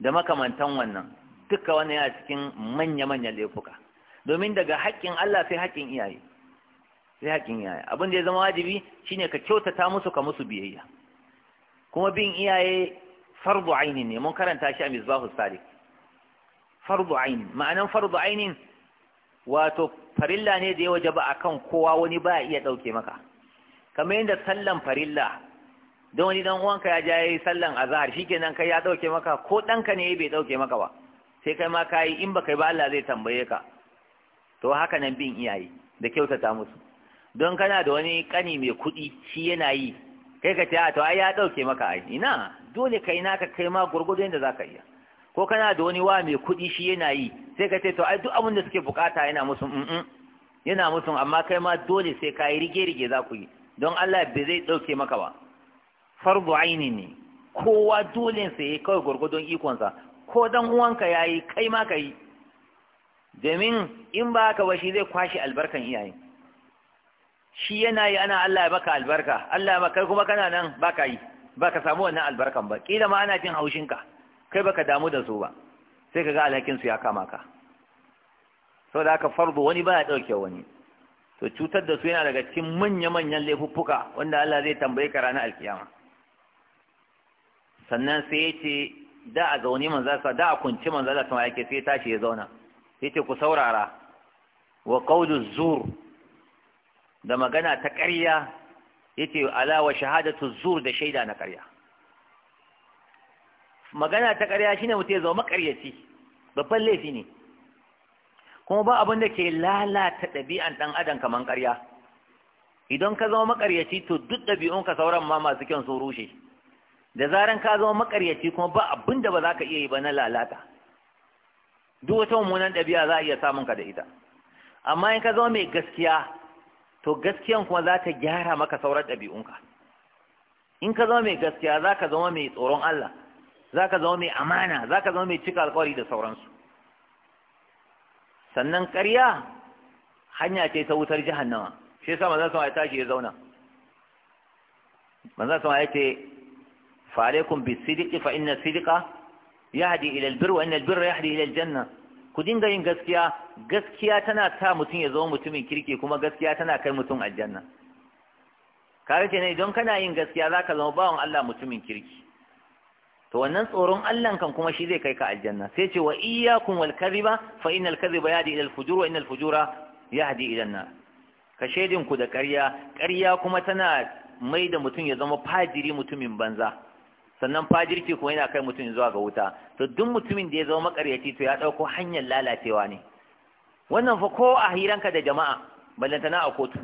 da makamantan wannan duka wannan yana cikin manya-manyan laifuka domin daga haƙƙin Allah sai haƙƙin iyaye sai haƙƙin iyaye abin da ya zama wajibi shine ka kyautata musu ka musu biyayya kuma bin iyaye fardu aini ne mun karanta shi a misbahu salik fardu aini ma'anan fardu ainin wato farilla ne da ya waje ba a kan kowa wani ba iya ɗauke maka kamar yadda sallan farilla don wani dan uwanka ya ja yi sallan shi kenan kai ya ɗauke maka ko ɗanka ne bai ɗauke maka ba sai kai ma ka yi in ba kai ba Allah zai tambaye ka to haka nan bin iyaye da kyautata musu don kana da wani kani mai kuɗi shi yana yi kai ka ce a to ai ya ɗauke maka ai ina dole kai naka kai ma gurgurdo yadda zaka iya ko kana da wani wa mai kuɗi shi yana yi sai ka ce to ai duk abin da suke bukata yana musu mm yana musu amma kai ma dole sai ka yi rige rige za ku yi don Allah bai zai ɗauke maka ba fardu aini ne kowa dole sai ya kawai gwargwadon ikonsa ko dan uwanka ya yi kai ma ka yi domin in ba ka ba shi zai kwashe albarkan iyaye shi yana yi ana Allah ya baka albarka Allah ya kai kuma kana nan ba ka yi ba ka samu wannan albarkan ba kila ma ana jin haushinka kai baka damu da su ba sai kaga alhakin su ya kama ka saboda haka fardu wani baya dauke wani to cutar da su yana daga cikin manya-manyan laifuffuka wanda Allah zai tambaye ka ranar alkiyama sannan sai ya ce da a zaune manzan sa da a kunci manzan sa sama yake sai tashi ya zauna sai ku saurara wa qawlu zur da magana ta ƙarya yace ala wa shahadatu zur da shaida na ƙarya magana ta ƙarya shine mutum ya zama maƙaryaci babban laifi ne kuma ba abin da ke lalata ɗabi'an ɗan adam kamar ƙarya idan ka zama maƙaryaci to duk ɗabi'unka sauran ma masu kyan sun rushe da zaran ka zama maƙaryaci kuma ba abin da ba za ka iya yi ba na lalata duk wata mummunan ɗabi'a za a iya samun ka da ita amma in ka zama mai gaskiya to gaskiyan kuma za ta gyara maka sauran ɗabi'unka in ka zama mai gaskiya za ka zama mai tsoron Allah za ka zama mai amana za ka zama mai cika alkawari da sauransu sannan ƙarya hanya ce ta wutar jahannama shi yasa manzon sama ya tashi ya zauna manzon sama ya ce fa bi bisidiqi fa inna sidqa yahdi ila albir wa inna albirra yahdi ila ku dinga yin gaskiya gaskiya tana sa mutum ya zama mutumin kirki kuma gaskiya tana kai mutum aljanna kare ce ne idan kana yin gaskiya zaka zama bawan Allah mutumin kirki to wannan tsoron allahn kan kuma shi zai kai ka aljanna sai ce wa iyyakum wal kadhiba fa innal kadhiba yahdi ila al fujur wa innal fujura yahdi ila an ka shedin ku da ƙarya ƙarya kuma tana mai da mutum ya zama fajiri mutumin banza sannan fajirci kuma yana kai mutum zuwa ga wuta to duk mutumin da ya zama makaryaci to ya dauko hanyar lalacewa ne wannan fa ko a hiranka da jama'a ballantana a kotu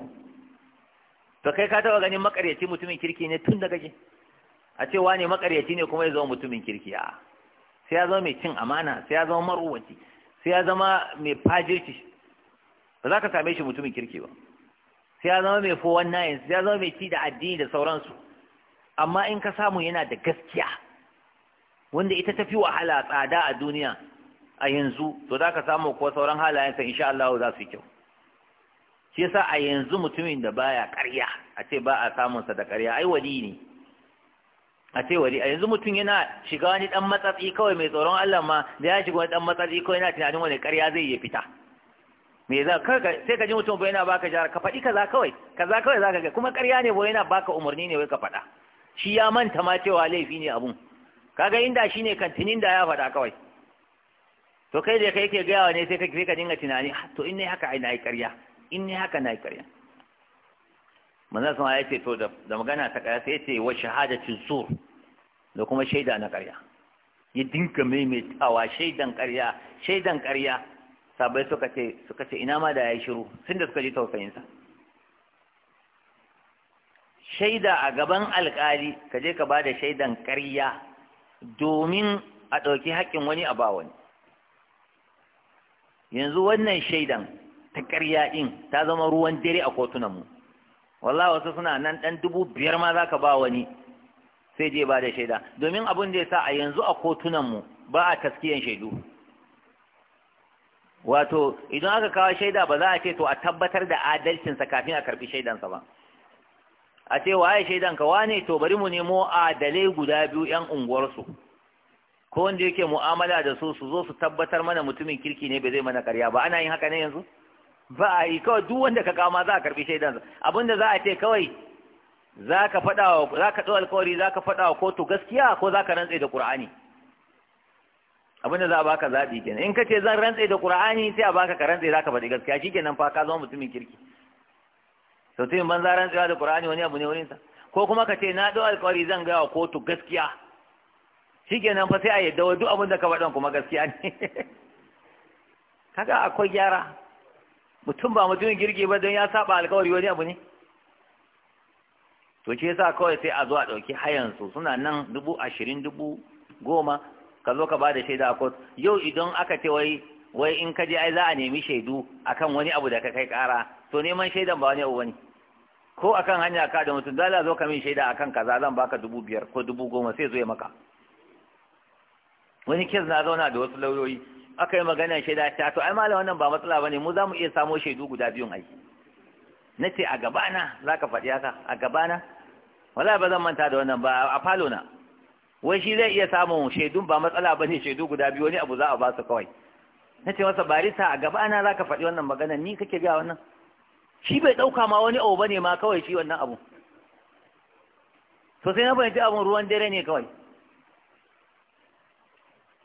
to kai ka taɓa ganin makaryaci mutumin kirki ne tun da gaje a ce wane makaryaci ne kuma ya zama mutumin kirki a sai ya zama mai cin amana sai ya zama maruwaci sai ya zama mai fajirci ba za ka same shi mutumin kirki ba sai ya zama mai 419 sai ya zama mai ci da addini da sauransu amma in ka samu yana da gaskiya wanda ita ta fi wahala tsada a duniya a yanzu to za ka samu ko sauran halayensa insha Allah za su yi kyau shi yasa a yanzu mutumin da baya ƙarya a ce ba a sa da ƙarya ai wali ne a ce wali a yanzu mutum yana shiga wani dan matsatsi kawai mai tsoron Allah ma da ya shiga wani dan matsatsi kawai yana tunanin wani ƙarya zai iya fita me za ka sai ka ji mutum ba yana baka jara ka faɗi kaza kawai kaza kawai zaka ga kuma ƙarya ne ba yana baka umarni ne wai ka faɗa shi ya manta ma cewa laifi ne abun kaga inda shine kantinin da ya faɗa kawai to kai da kai yake gayawa ne sai ka ji ka dinga tunani to in ne haka ai na yi ƙarya in ne haka na yi ƙarya manzon sama ya ce to da magana ta ƙarya sai ya ce wa shahadatin sur da kuma shaida na ƙarya ya dinka maimaitawa shaidan ƙarya shaidan ƙarya sabai suka ce suka ce ina ma da ya yi shiru tunda suka ji tausayinsa shaida a gaban alƙali ka je ka ba da shaidan ƙarya domin a ɗauki haƙƙin wani a ba wani yanzu wannan shaidan ta ƙarya ɗin ta zama ruwan dare a kotunanmu wallahi wasu suna nan ɗan dubu biyar ma za ka ba wani sai je ba da shaida domin abin da ya sa a yanzu a kotunanmu ba a taskiyan shaidu wato idan aka kawo shaida ba za a ce to a tabbatar da adalcinsa kafin a karɓi shaidansa ba a ce waye shaidanka wane to bari mu nemo adalai guda biyu 'yan unguwarsu ko wanda yake mu'amala da su su zo su tabbatar mana mutumin kirki ne ba zai mana karya ba ana yin haka ne yanzu ba a yi kawai duk wanda ka kama za a karbi shaidansa abinda za a ce kawai za ka faɗa wa za ka alkawari za ka faɗa wa kotu gaskiya ko za ka rantse da ƙur'ani abinda za a baka zaɓi kenan in ka ce zan rantse da ƙur'ani sai a baka ka rantsai za ka faɗi gaskiya shi kenan fa ka zama mutumin kirki to tun ban za rantsewa da ƙur'ani wani abu ne wurin sa. ko kuma ka ce na ɗau alkawari zan gaya wa kotu gaskiya shi kenan fa sai a yadda wa duk abin da ka faɗan kuma gaskiya ne kaga akwai gyara mutum ba mutumin girki ba don ya saba alkawari wani abu ne to ce sa kawai sai a zo a ɗauki hayansu suna nan dubu ashirin dubu goma ka zo ka ba da shaida a kot yau idan aka ce wai wai in ka je ai za a nemi shaidu akan wani abu da ka kai ƙara to neman shaidan ba wani abu wani ko akan hanya ka da mutum dala zo ka min shaida akan kaza zan baka dubu biyar ko dubu goma sai zo ya maka wani kes na zauna da wasu lauyoyi aka yi magana shaida ta to ai malam wannan ba matsala bane mu zamu iya samo shaidu guda biyun ai na ce a gabana za ka faɗi haka a gabana wallahi ba zan manta da wannan ba a falo na wai shi zai iya samun shaidun ba matsala bane shaidu guda biyu wani abu za a ba su kawai na ce masa barisa a gabana za ka faɗi wannan magana ni kake ga wannan shi bai ɗauka ma wani abu bane ma kawai shi wannan abu to sai na fahimci abun ruwan dare ne kawai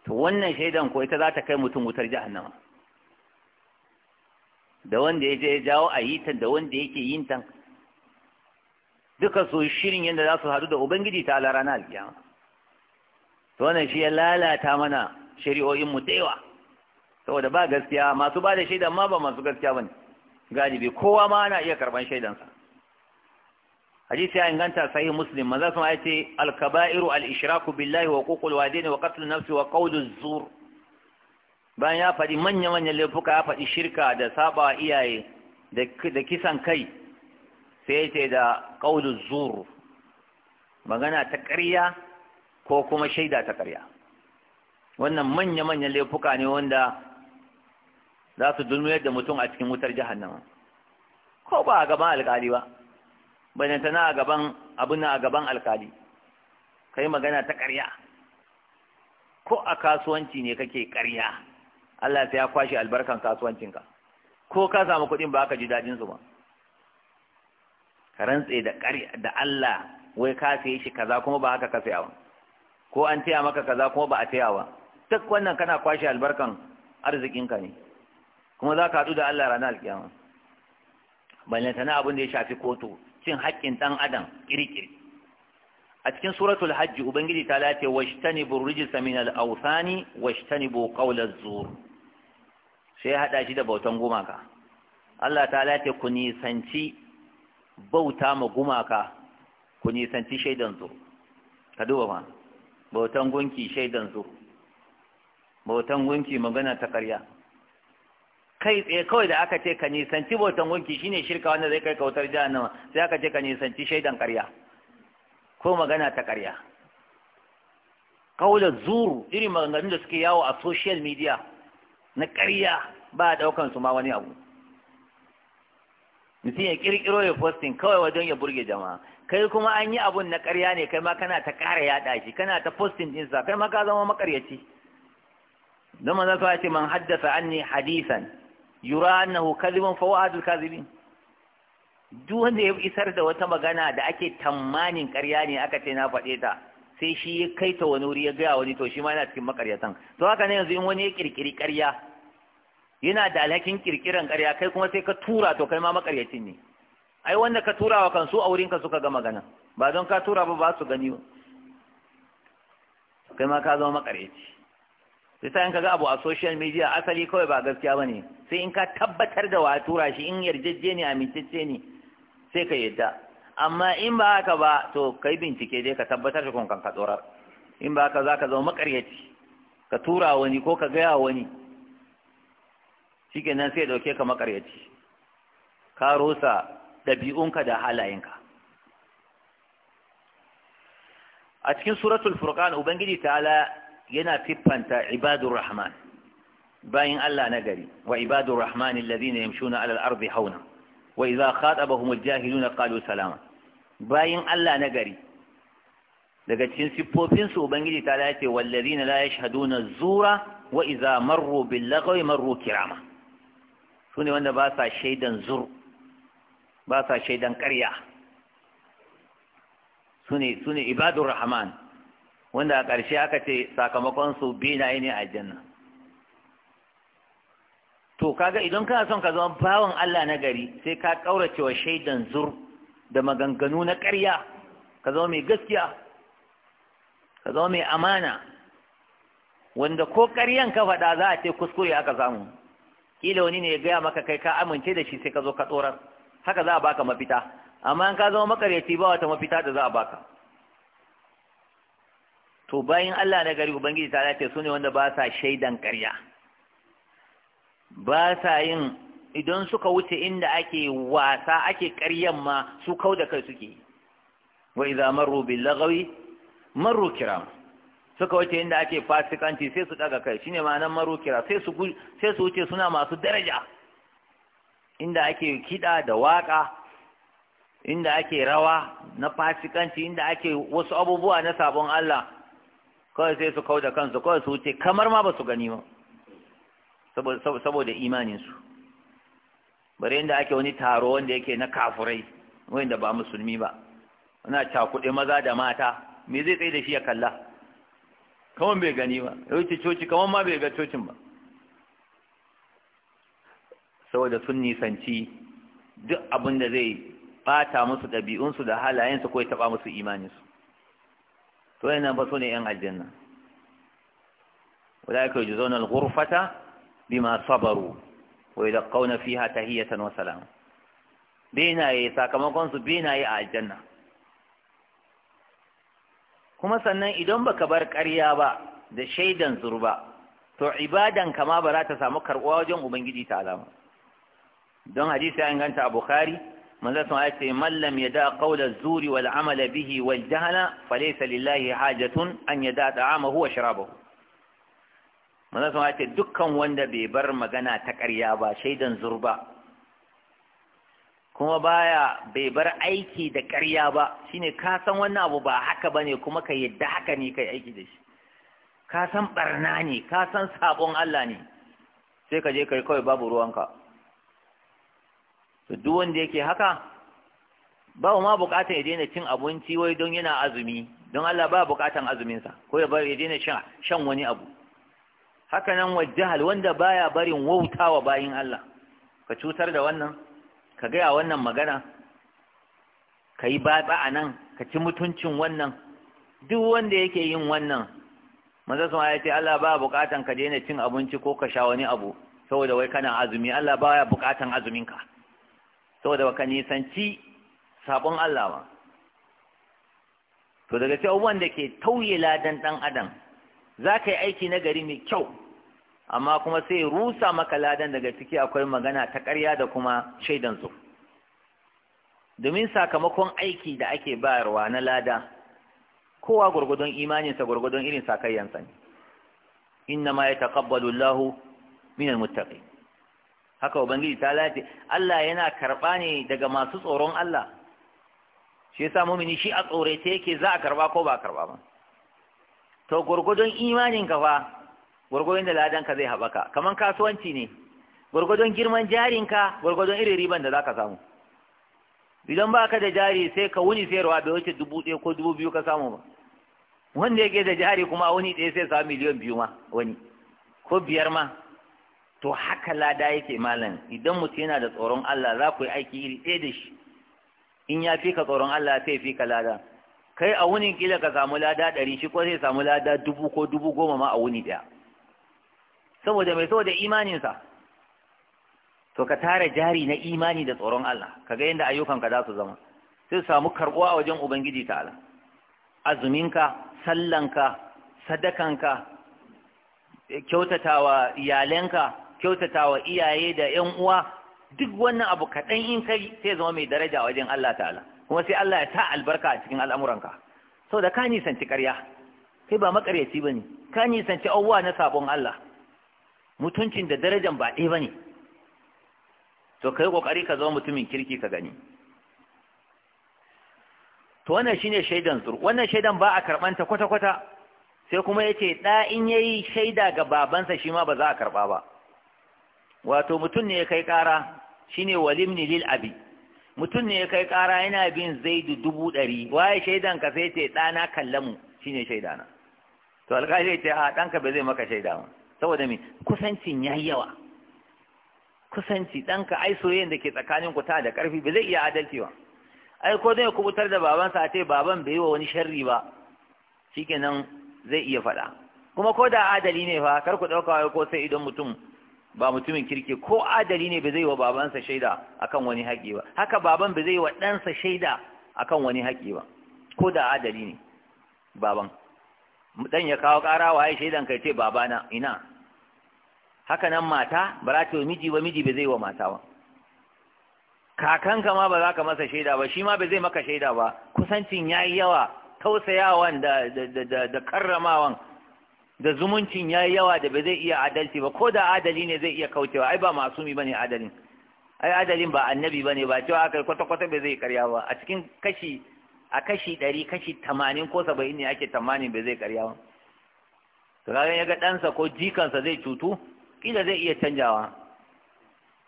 to wannan shaidan ko ita za ta kai mutum wutar jahannama da wanda ya je ya jawo a yi da wanda yake yin tan duka su shirin yadda za su haɗu da ubangiji ta ala ranar alkiyama to wannan shi ya lalata mana shari'o'in mu da yawa saboda ba gaskiya masu ba da shaidan ma ba masu gaskiya bane galibi kowa ma ana iya karban shaidansa hadisi ya inganta sahih muslim manzo sun ayace al-kaba'iru al-ishraku billahi wa huququl walidaini wa qatlun nafsi wa qawluz zur bayan ya faɗi manya manya laifuka ya faɗi shirka da saba iyaye da kisan kai sai yace da qawluz zur magana ta ƙarya ko kuma shaida ta ƙarya wannan manya manya laifuka ne wanda za su dulmuyar da mutum a cikin wutar jahannama ko ba a gaban alƙali ba na a gaban abin a gaban alkali kai magana ta ƙarya ko a kasuwanci ne kake ƙarya Allah sai ya kwashe albarkan kasuwancinka ko ka samu kuɗin ba ka ji daɗin su ba ka rantse da ƙarya da Allah wai ka sai shi kaza kuma ba haka ka sayawa. ko an taya maka kaza kuma ba a taya ba duk wannan kana kwashe albarkan arzikinka ne kuma za ka haɗu da Allah ranar alkiyama ballantana abin da ya shafi kotu cin haƙƙin ɗan adam ƙirƙiri a cikin suratul hajji ubangiji ta lati washtanibu rijsa min al-awthani washtanibu bu az zuwa sai haɗa shi da bautan gumaka Allah ta lati ku nisanci bauta ma gumaka ku nisanci shaidan zur ka duba ma bautan gunki shaidan zur bautan gunki magana ta ƙarya kai tsaye kawai da aka ce ka nisanci bautan gunki shine shirka wanda zai kai kautar jahannama sai aka ce ka nisanci shaidan ƙarya ko magana ta ƙarya da zuru irin maganganun da suke yawo a social media na ƙarya ba a ɗaukan su ma wani abu mutum ya ƙirƙiro ya posting kawai wajen ya burge jama'a kai kuma an yi abun na ƙarya ne kai ma kana ta ƙara yaɗa shi kana ta posting ɗinsa kai ma ka zama maƙaryaci don manzon sa ce man haddasa anni hadisan yura annahu kadhibun fa adul kadhibin duk wanda ya isar da wata magana da ake tamanin ƙarya ne aka ce na faɗe ta sai shi ya kai ta wani wuri ya gaya wani to shi ma yana cikin makaryatan to haka ne yanzu in wani ya kirkiri ƙarya yana da alhakin kirkiran ƙarya kai kuma sai ka tura to kai ma makaryacin ne ai wanda ka tura wa kansu a wurinka suka ga magana ba don ka tura ba ba su gani ba kai ma ka zama makaryaci sai sai ga abu a social media asali kawai ba gaskiya ba ne. sai in ka tabbatar da watura shi in yarjejje ne amintacce ne sai ka yadda amma in ba haka ba to kai bincike dai ka tabbatar da kun kan ka tsorar in ba haka ka zama makaryaci ka tura wani ko ka gaya wani shikenan sai dauke ka makaryaci ka rusa dabi'unka da halayenka a cikin suratul furqan ubangiji ta'ala yana siffanta ibadun rahman bayin Allah na gari wa ibadur rahman alladhina yamshuna ala al-ardi hauna wa idha khatabahum al-jahiluna qalu salama bayin Allah na gari daga cikin siffofin su ubangiji ta lace walladhina la yashhaduna zura wa idha marru bil lagwi marru kirama sune wanda ba sa shaidan zur ba sa shaidan ƙarya sune sune ibadur rahman wanda a ƙarshe aka ce sakamakon su benaye ne a janna to kaga idan kana son ka zama bawan Allah na gari sai ka ƙaurace wa shaidan zur da maganganu na ƙarya ka zama mai gaskiya ka zama mai amana wanda ko ƙaryan ka faɗa za a ce kuskure aka samu kila wani ne ya gaya maka kai ka amince da shi sai ka zo ka tsorar haka za a baka mafita amma in ka zama makaryaci ba wata mafita da za a baka to bayan Allah na gari ubangiji ta ce su ne wanda ba sa shaidan karya. ba sa yin idan suka wuce inda ake wasa ake ƙaryan ma su kau da kai suke wa idza maru bil lagawi maru kiram suka wuce inda ake fasikanci sai su daga kai shine ma'anar maru kira sai su sai su wuce suna masu daraja inda ake kida da waka inda ake rawa na fasikanci inda ake wasu abubuwa na sabon Allah kawai sai su kau da kansu kawai su wuce kamar ma ba su gani ba saboda imaninsu Bari inda ake wani taro wanda yake na kafurai wanda ba musulmi ba ana cakuɗe maza da mata me zai tsaye da shi ya kalla Kamar bai gani ba ya wuce coci kamar ma bai ga cocin ba saboda sun nisanci duk abin da zai bata musu ɗabi'unsu da halayensu ko ya taɓa musu imaninsu to yana ba su ne yan aljanna ولئك يجزون الغرفة بما صبروا ويلقون فيها تهية وسلام benaye sakamakon su benaye a aljanna kuma sannan idan baka bar ƙarya ba da shaidan zurba, to ibadan kama ba za ta samu karɓuwa wajen ubangiji ta alama don hadisi ya inganta a bukhari manzo sun ya ce mallam ya da qawla zuri wal amala bihi wal jahla falaysa lillahi tun an yada ta'amahu wa sharabahu manzo sun ya ce dukkan wanda bai bar magana ta ƙarya ba shaidan zurba kuma baya bai bar aiki da ƙarya ba shine ka san wannan abu ba haka bane kuma ka yadda haka ne kai aiki da shi ka san barna ne ka san sabon Allah ne sai ka je kai kawai babu ruwanka to duk wanda yake haka ba ma bukatan ya daina cin abinci wai don yana azumi don Allah ba bukatan azuminsa ko ya bari ya daina shan wani abu haka nan wajahal wanda baya barin wautawa bayin Allah ka cutar da wannan ka gaya wannan magana ka yi ba a nan ka ci mutuncin wannan duk wanda yake yin wannan maza sun ya ce Allah ba bukatan ka daina cin abinci ko ka sha wani abu saboda wai kana azumi Allah baya bukatan azuminka saboda baka nisanci sabon Allah ba to daga cikin abubuwan da ke tauye ladan ɗan adam za ka yi aiki na gari mai kyau amma kuma sai rusa maka ladan daga ciki akwai magana ta ƙarya da kuma shaidan su domin sakamakon aiki da ake bayarwa na lada kowa gurgudun imaninsa gwargwadon irin sakayyansa ne inna ma ya taƙabbalu Allahu minal muttaqin haka ubangiji ta lati Allah yana karba ne daga masu tsoron Allah shi yasa mumini shi a tsore ta yake za a karba ko ba karba ba to gurgudun imanin ka fa gurgudun da ladan ka zai habaka kaman kasuwanci ne gurgudun girman jarin ka gurgudun irin riban da zaka samu idan baka da jari sai ka wuni sayarwa bai wuce dubu ɗaya ko dubu biyu ka samu ba wanda yake da jari kuma a wuni ɗaya sai sa miliyan biyu ma wani ko biyar ma to haka lada yake malam idan mutum yana da tsoron Allah za ku yi aiki iri ɗaya da shi in ya fi ka tsoron Allah sai fi ka lada kai a wunin kila ka samu lada ɗari shi ko zai samu lada dubu ko dubu goma ma a wuni ɗaya saboda mai saboda imaninsa to ka tara jari na imani da tsoron Allah ka ga yadda ka za su zama sai su samu karɓuwa a wajen Ubangiji ta ala. azuminka sallanka sadakanka kyautatawa iyalenka kyautata wa iyaye da ƴan uwa duk wannan abu kaɗan in kai sai zama mai daraja a wajen Allah ta'ala kuma sai Allah ya ta albarka a cikin al'amuranka da ka nisanci karya, kai ba makaryaci ne. ka nisanci awwa na sabon Allah mutuncin da darajan ba ɗaya ne. to kai kokari ka zama mutumin kirki ka gani to wannan shine shaidan zur wannan shaidan ba a karbanta kwata kwata sai kuma yace ɗa in yayi shaida ga babansa shi ma ba za a karba ba wato mutum ne ya kai ƙara shi ne walimni lil abi mutum ne ya kai ƙara yana bin zaidu dubu ɗari waye shaidan ka sai ce ɗana kallamu ne shaidana to alƙali ce a ɗanka ba zai maka shaida ba saboda me kusancin yi yawa kusanci ɗanka ai soyayyen da ke tsakanin ku ta da ƙarfi ba zai iya adalci ba ai ko zai kubutar da babansa a ce baban bai yi wa wani sharri ba shikenan zai iya faɗa kuma ko da adali ne fa kar ku ɗauka ko sai idan mutum ba mutumin kirki ko adali ne ba zai wa babansa shaida akan wani haƙi ba haka baban ba zai wa ɗansa shaida akan wani haƙi ba ko da adali ne baban Ɗan ya kawo ƙara wa ya shaidan kai ce babana ina haka nan mata ba za ta yi miji ba miji ba zai wa mata ba kakanka ma ba za ka masa shaida ba shi ma ba zai maka shaida ba kusancin ya yi yawa tausayawan da da da, da karramawan da zumuncin ya yi yawa da ba zai iya adalci ba ko da adali ne zai iya kaucewa ai ba masumi ba ne adalin ai adalin ba annabi ba ne ba cewa aka kwata kwata ba zai karya ba a cikin kashi a kashi ɗari kashi tamanin ko saba'in ne ake tamanin ba zai karya ba to kaga ya ga ɗansa ko jikansa zai cutu kila zai iya canjawa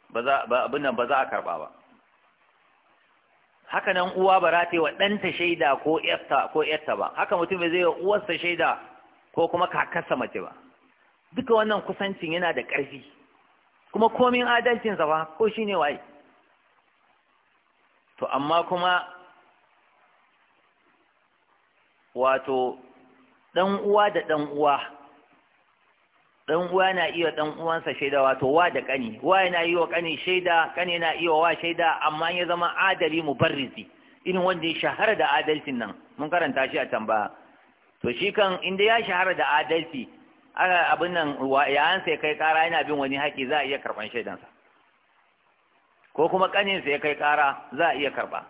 ba za ba abin nan ba za a karɓa ba haka nan uwa ba za ta yi wa ɗanta shaida ko ƴarta ko ƴarta ba haka mutum bai zai wa uwarsa shaida ko kuma kakarsa mace ba duka wannan kusancin yana da ƙarfi kuma komin adalcinsa ba ko shi ne waye to amma kuma wato ɗan uwa da ɗan uwa ɗan uwa na iya ɗan uwansa shaida wato wa da ƙani wa yana yi wa ƙani shaida ƙani na iya wa shaida amma ya zama adali mubarrizi irin wanda ya shahara da adalcin nan mun karanta shi a tambaya to shi kan inda ya shahara da adalci aka abin nan yayansa ya kai kara yana bin wani haƙi za a iya karɓan shaidansa ko kuma ƙaninsa ya kai kara za a iya karɓa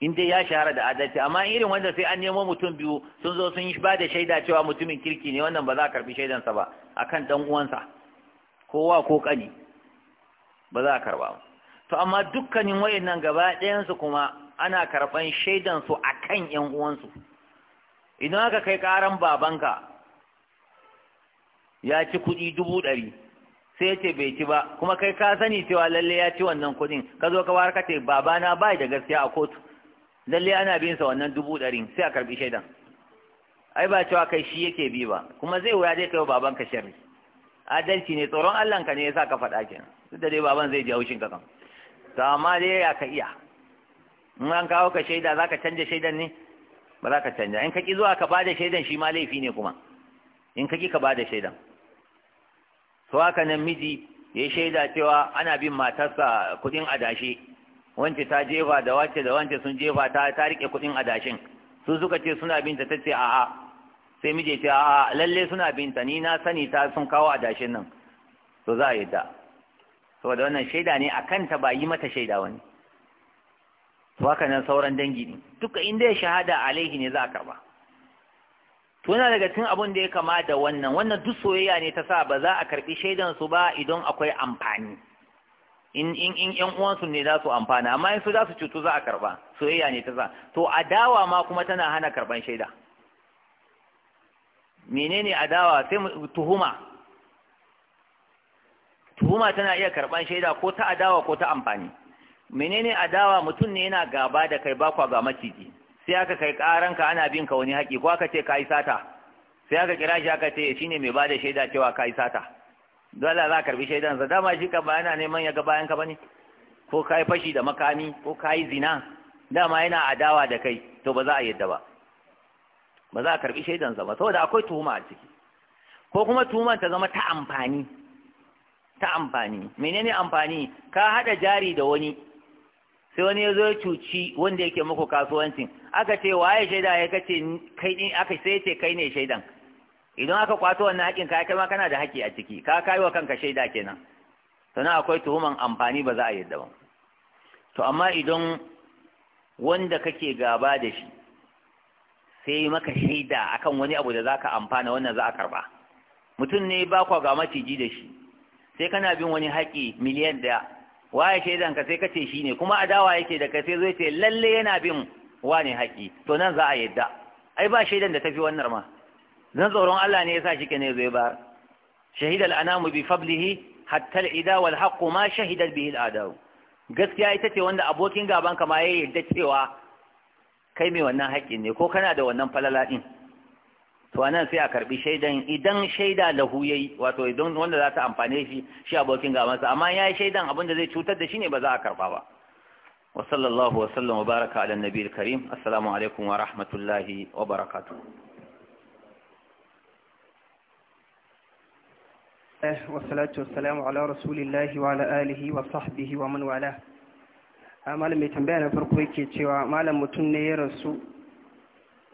in ya shahara da adalci amma irin wanda sai an nemo mutum biyu sun zo sun ba da shaida cewa mutumin kirki ne wannan ba za a karɓi shaidansa ba a kan ɗan uwansa kowa ko ƙani ba za a karɓa ba to amma dukkanin wayannan gaba ɗayansu kuma ana karɓan shaidansu akan 'yan uwansu idan aka kai ƙaran babanka ya ci kuɗi dubu ɗari sai ya ce bai ci ba kuma kai ka sani cewa lalle ya ci wannan kuɗin ka zo ka war ka ce babana bai da gaskiya a kotu lalle ana bin sa wannan dubu ɗari sai a karɓi shaidan ai ba cewa kai shi yake bi ba kuma zai wuya zai kai wa babanka sharri adalci ne tsoron Allah ka ne yasa ka faɗa ke duk da dai baban zai ji haushin ka kan to amma dai ya ka iya in an kawo ka shaida zaka canja shaidan ne ba za ka canja in kaki zuwa ka bada shaidan shi ma laifi ne kuma in kaki ka bada shaidan to haka nan miji ya shaida cewa ana bin matarsa kudin adashi wance ta jefa da wace da wance sun jefa ta ta rike kudin adashin su suka ce suna binta tace a'a sai miji ya ce a'a lalle suna binta ni na sani ta sun kawo adashin nan to za a yadda saboda wannan shaida ne akan ta ba yi mata shaida wani to haka nan sauran dangi ne duka inda ya shahada alaihi ne za a karba to yana daga cikin abin da ya kama da wannan wannan duk soyayya ne ta sa ba za a karbi shaidan su ba idan akwai amfani in in in ƴan uwansu ne za su amfana amma in su za su cutu za a karba soyayya ne ta sa to adawa ma kuma tana hana karban shaida menene adawa sai tuhuma tuhuma tana iya karban shaida ko ta adawa ko ta amfani menene adawa mutum ne yana gaba da kai ba kwa ga maciji sai aka kai karanka ana bin ka wani haƙi ko aka ce kai sata sai aka kira shi aka ce shine mai bada shaida cewa kai sata dole za karbi shaidan sa dama shi ka bayana neman ya ga bayan ka bane ko kai fashi da makami ko kai zina dama yana adawa da kai to ba za a yadda ba ba za a karbi shaidan sa ba saboda akwai tuhuma a ciki ko kuma tuhumar ta zama ta amfani ta amfani menene amfani ka hada jari da wani sai wani ya zo ya cuci wanda yake muku kasuwancin aka ce waye shaida ya kace kai din aka sai ce kai ne shaidan idan aka kwato wannan hakin ka kai ma kana da haki a ciki ka kai wa kanka shaida kenan na akwai tuhuman amfani ba za a yadda ba to amma idan wanda kake gaba da shi sai maka shaida akan wani abu da zaka amfana wannan za a karba mutum ne ba kwa ga maciji da shi sai kana bin wani haƙi miliyan ɗaya waye shaidan ka sai kace shi ne kuma adawa yake da kai sai zai ce lalle yana bin wane haƙi to nan za a yadda ai ba shaidan da tafi wannan ma Zan tsoron Allah ne yasa shi kene zai ba shahidal anamu bi fablihi hatta al-ida wal haqq ma shahidat bihi al-adaw gaskiya ita ce wanda abokin gaban ka ma ya yadda cewa kai mai wannan haƙƙin ne ko kana da wannan falalaɗin? to anan sai a karbi shaidan idan shaida da yayi wato idan wanda za ta amfane shi shi abokin gabansa amma ya yi shaidan abin da zai cutar da shi ne ba za a karba ba wa sallallahu wa sallam wa baraka ala nabiyil karim assalamu alaikum wa rahmatullahi wa barakatuh wa salamu ala rasulillahi wa ala alihi wa sahbihi wa man wala malam mai tambaya na farko yake cewa malam mutum ne ya rasu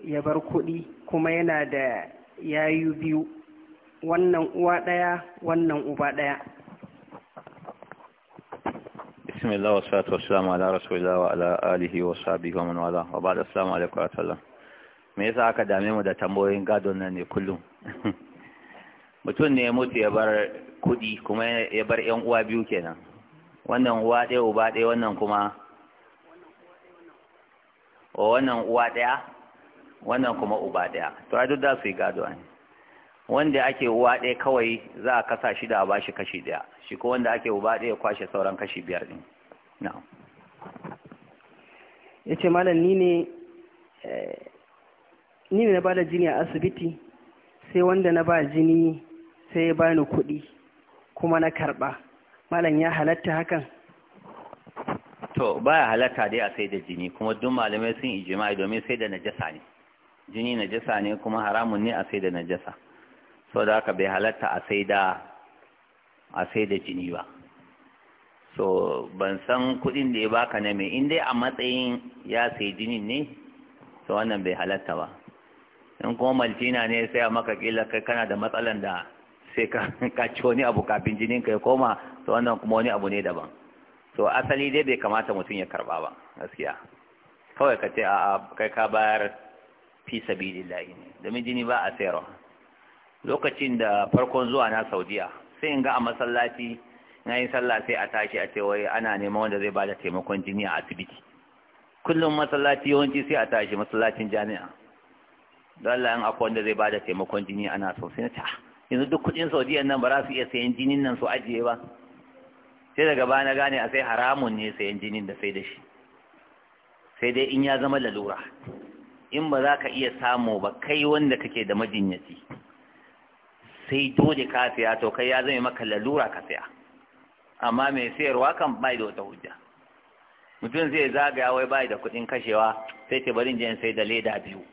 ya bar kuɗi kuma yana da yayu biyu wannan uwa ɗaya wannan uba ɗaya bismillah wa salatu wassalamu ala rasulillah wa ala alihi wa sahbihi wa man wala wa ba'da assalamu alaikum wa rahmatullah me yasa aka dame mu da tambayoyin gado nan ne kullum mutum ne mutu ya bar kudi kuma ya bar yan uwa biyu kenan wannan uwa ɗaya uba ɗaya wannan kuma wannan uwa ɗaya wannan kuma uba ɗaya to a duk da su yi gado ne wanda ake uwa ɗaya kawai za a kasa shi da a bashi kashi ɗaya shi ko wanda ake uba ɗaya kwashe sauran kashi biyar ɗin na. ya ce malam ni ne eh, ni ne na ba da jini a asibiti sai wanda na ba jini sai ya bani kuɗi kuma na karɓa malam ya halatta hakan to baya halatta dai a sai da jini kuma duk malamai sun ijima'i domin sai da najasa ne jini najasa ne kuma haramun ne a sai da najasa so da haka bai halatta a sai da jini ba so ban san kudin da ya baka na mai in dai a matsayin ya sai jinin ne so wannan bai halatta ba in kuma maltina ne sai a maka kila kai kana da matsalan da sai ka ci wani abu kafin jinin ka ya koma to wannan kuma wani abu ne daban to asali dai bai kamata mutum ya karba ba gaskiya kawai ka ce a kai ka bayar fi sabilillahi ne domin jini ba a sayarwa lokacin da farkon zuwa na saudiya sai in ga a masallaci na yi sallah sai a tashi a ce wai ana neman wanda zai bada taimakon jini a asibiti kullum masallaci yawanci sai a tashi masallacin jami'a don Allah in akwai wanda zai bada taimakon jini ana so sai na ta yanzu duk kudin saudiya nan ba za su iya sayan jinin nan su ajiye ba sai daga baya na gane a sai haramun ne sayan jinin da sai da shi sai dai in ya zama lalura in ba za ka iya samu ba kai wanda kake da majinyaci sai dole ka siya to kai ya zama maka lalura ka siya. amma mai sayarwa kan bai da wata hujja mutum zai zagaya wai bai da kuɗin kashewa sai ce bari jiyan sai da leda biyu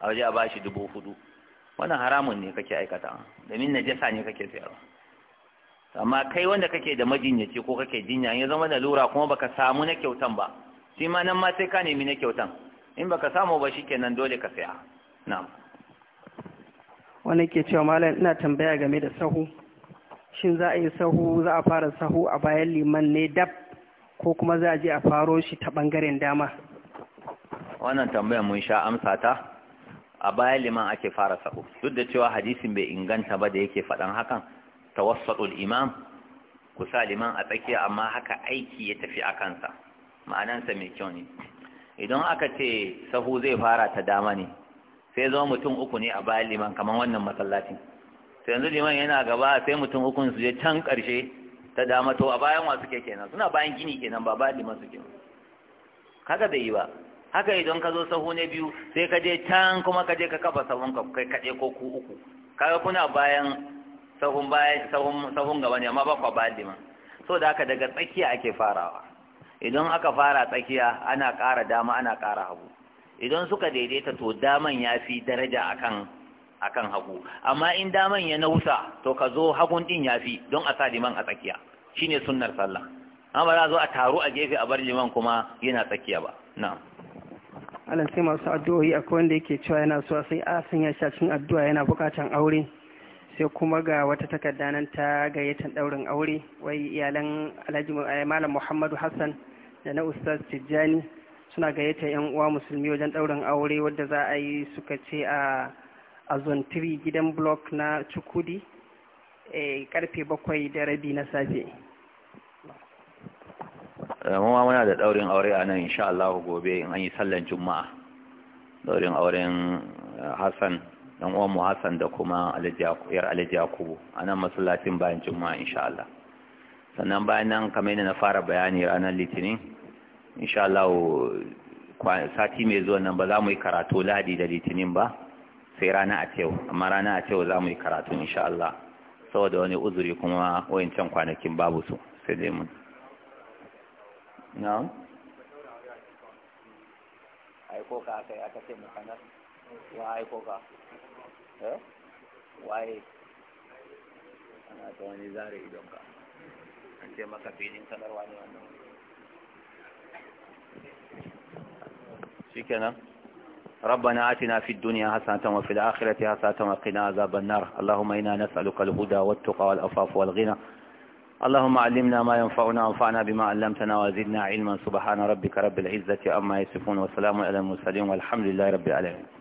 a waje a bashi dubu hudu wannan haramun ne kake aikata domin najasa ne kake sayarwa amma kai wanda kake da majinyaci ko kake jinya ya zama da lura kuma baka samu na kyautan ba shi ma nan ma sai ka nemi na kyautan in baka samu ba kenan dole ka saya na'am wani ke cewa malam ina tambaya game da sahu shin za a yi sahu za a fara sahu a bayan liman ne dab ko kuma za a je a faro shi ta bangaren dama wannan tambayar mun sha amsa ta a bayan liman ake fara sahu duk da cewa hadisin bai inganta ba da yake faɗan hakan tawassatul imam sa liman a tsakiya amma haka aiki ya tafi a kansa ma'anansa mai kyau ne idan aka ce sahu zai fara ta dama ne sai zama mutum uku ne a bayan liman kamar wannan masallacin sai yanzu liman yana gaba sai mutum uku su je can ƙarshe ta dama to a bayan wa suke kenan suna bayan gini kenan ba bayan liman suke haka bai yi ba haka idan ka zo sahu na biyu sai ka je can kuma ka je ka kafa sahun ka kai kaɗe ko ku uku kaga kuna bayan sahun bayan sahun sahun gaba ne amma ba kwa bayan liman so da haka daga tsakiya ake farawa idan aka fara tsakiya ana ƙara dama ana ƙara hagu idan suka daidaita to daman ya fi daraja akan akan hagu amma in daman ya nausa to ka zo hagun din ya fi don a sa liman a tsakiya shine sunnar sallah amma za zo a taru a gefe a bar liman kuma yana tsakiya ba na'am alan sai masu addu'o'i akwai wanda yake cewa yana so sai a sanya shi cikin addu'a yana bukatan aure sai kuma ga wata takarda nan ta gayyatar daurin aure wai iyalan Alhaji eh, Malam Muhammadu Hassan da na ustaz tijjani suna gayyata yan uwa musulmi wajen ɗaurin aure wadda za a yi suka ce a a zontiri gidan blok na cukudi eh, karfe bakwai da rabi na safe eh, ma muna da ɗaurin aure a nan insha Allah gobe in an yi sallan juma'a ɗaurin auren eh, Hassan ɗan uwan mu Hassan da kuma alijakubu a nan masallacin bayan juma'a insha Allah sannan bayan nan kamar yadda na fara bayani ranar litinin insha Allah sati mai zuwa nan ba za mu yi karatu ladi da litinin ba sai rana a tewu, amma rana a tewu za mu yi karatu insha Allah saboda wani uzuri kuma wayancan kwanakin babu su sai dai mun na'am aiko ka aka yi aka ce makanar wa aiko ka eh waye ana ta wani zare idon ka an ce ربنا آتنا في الدنيا حسنة وفي الآخرة حسنة وقنا عذاب النار اللهم إنا نسألك الهدى والتقى والأفاف والغنى اللهم علمنا ما ينفعنا وانفعنا بما علمتنا وزدنا علما سبحان ربك رب العزة أما يصفون وسلام على المرسلين والحمد لله رب العالمين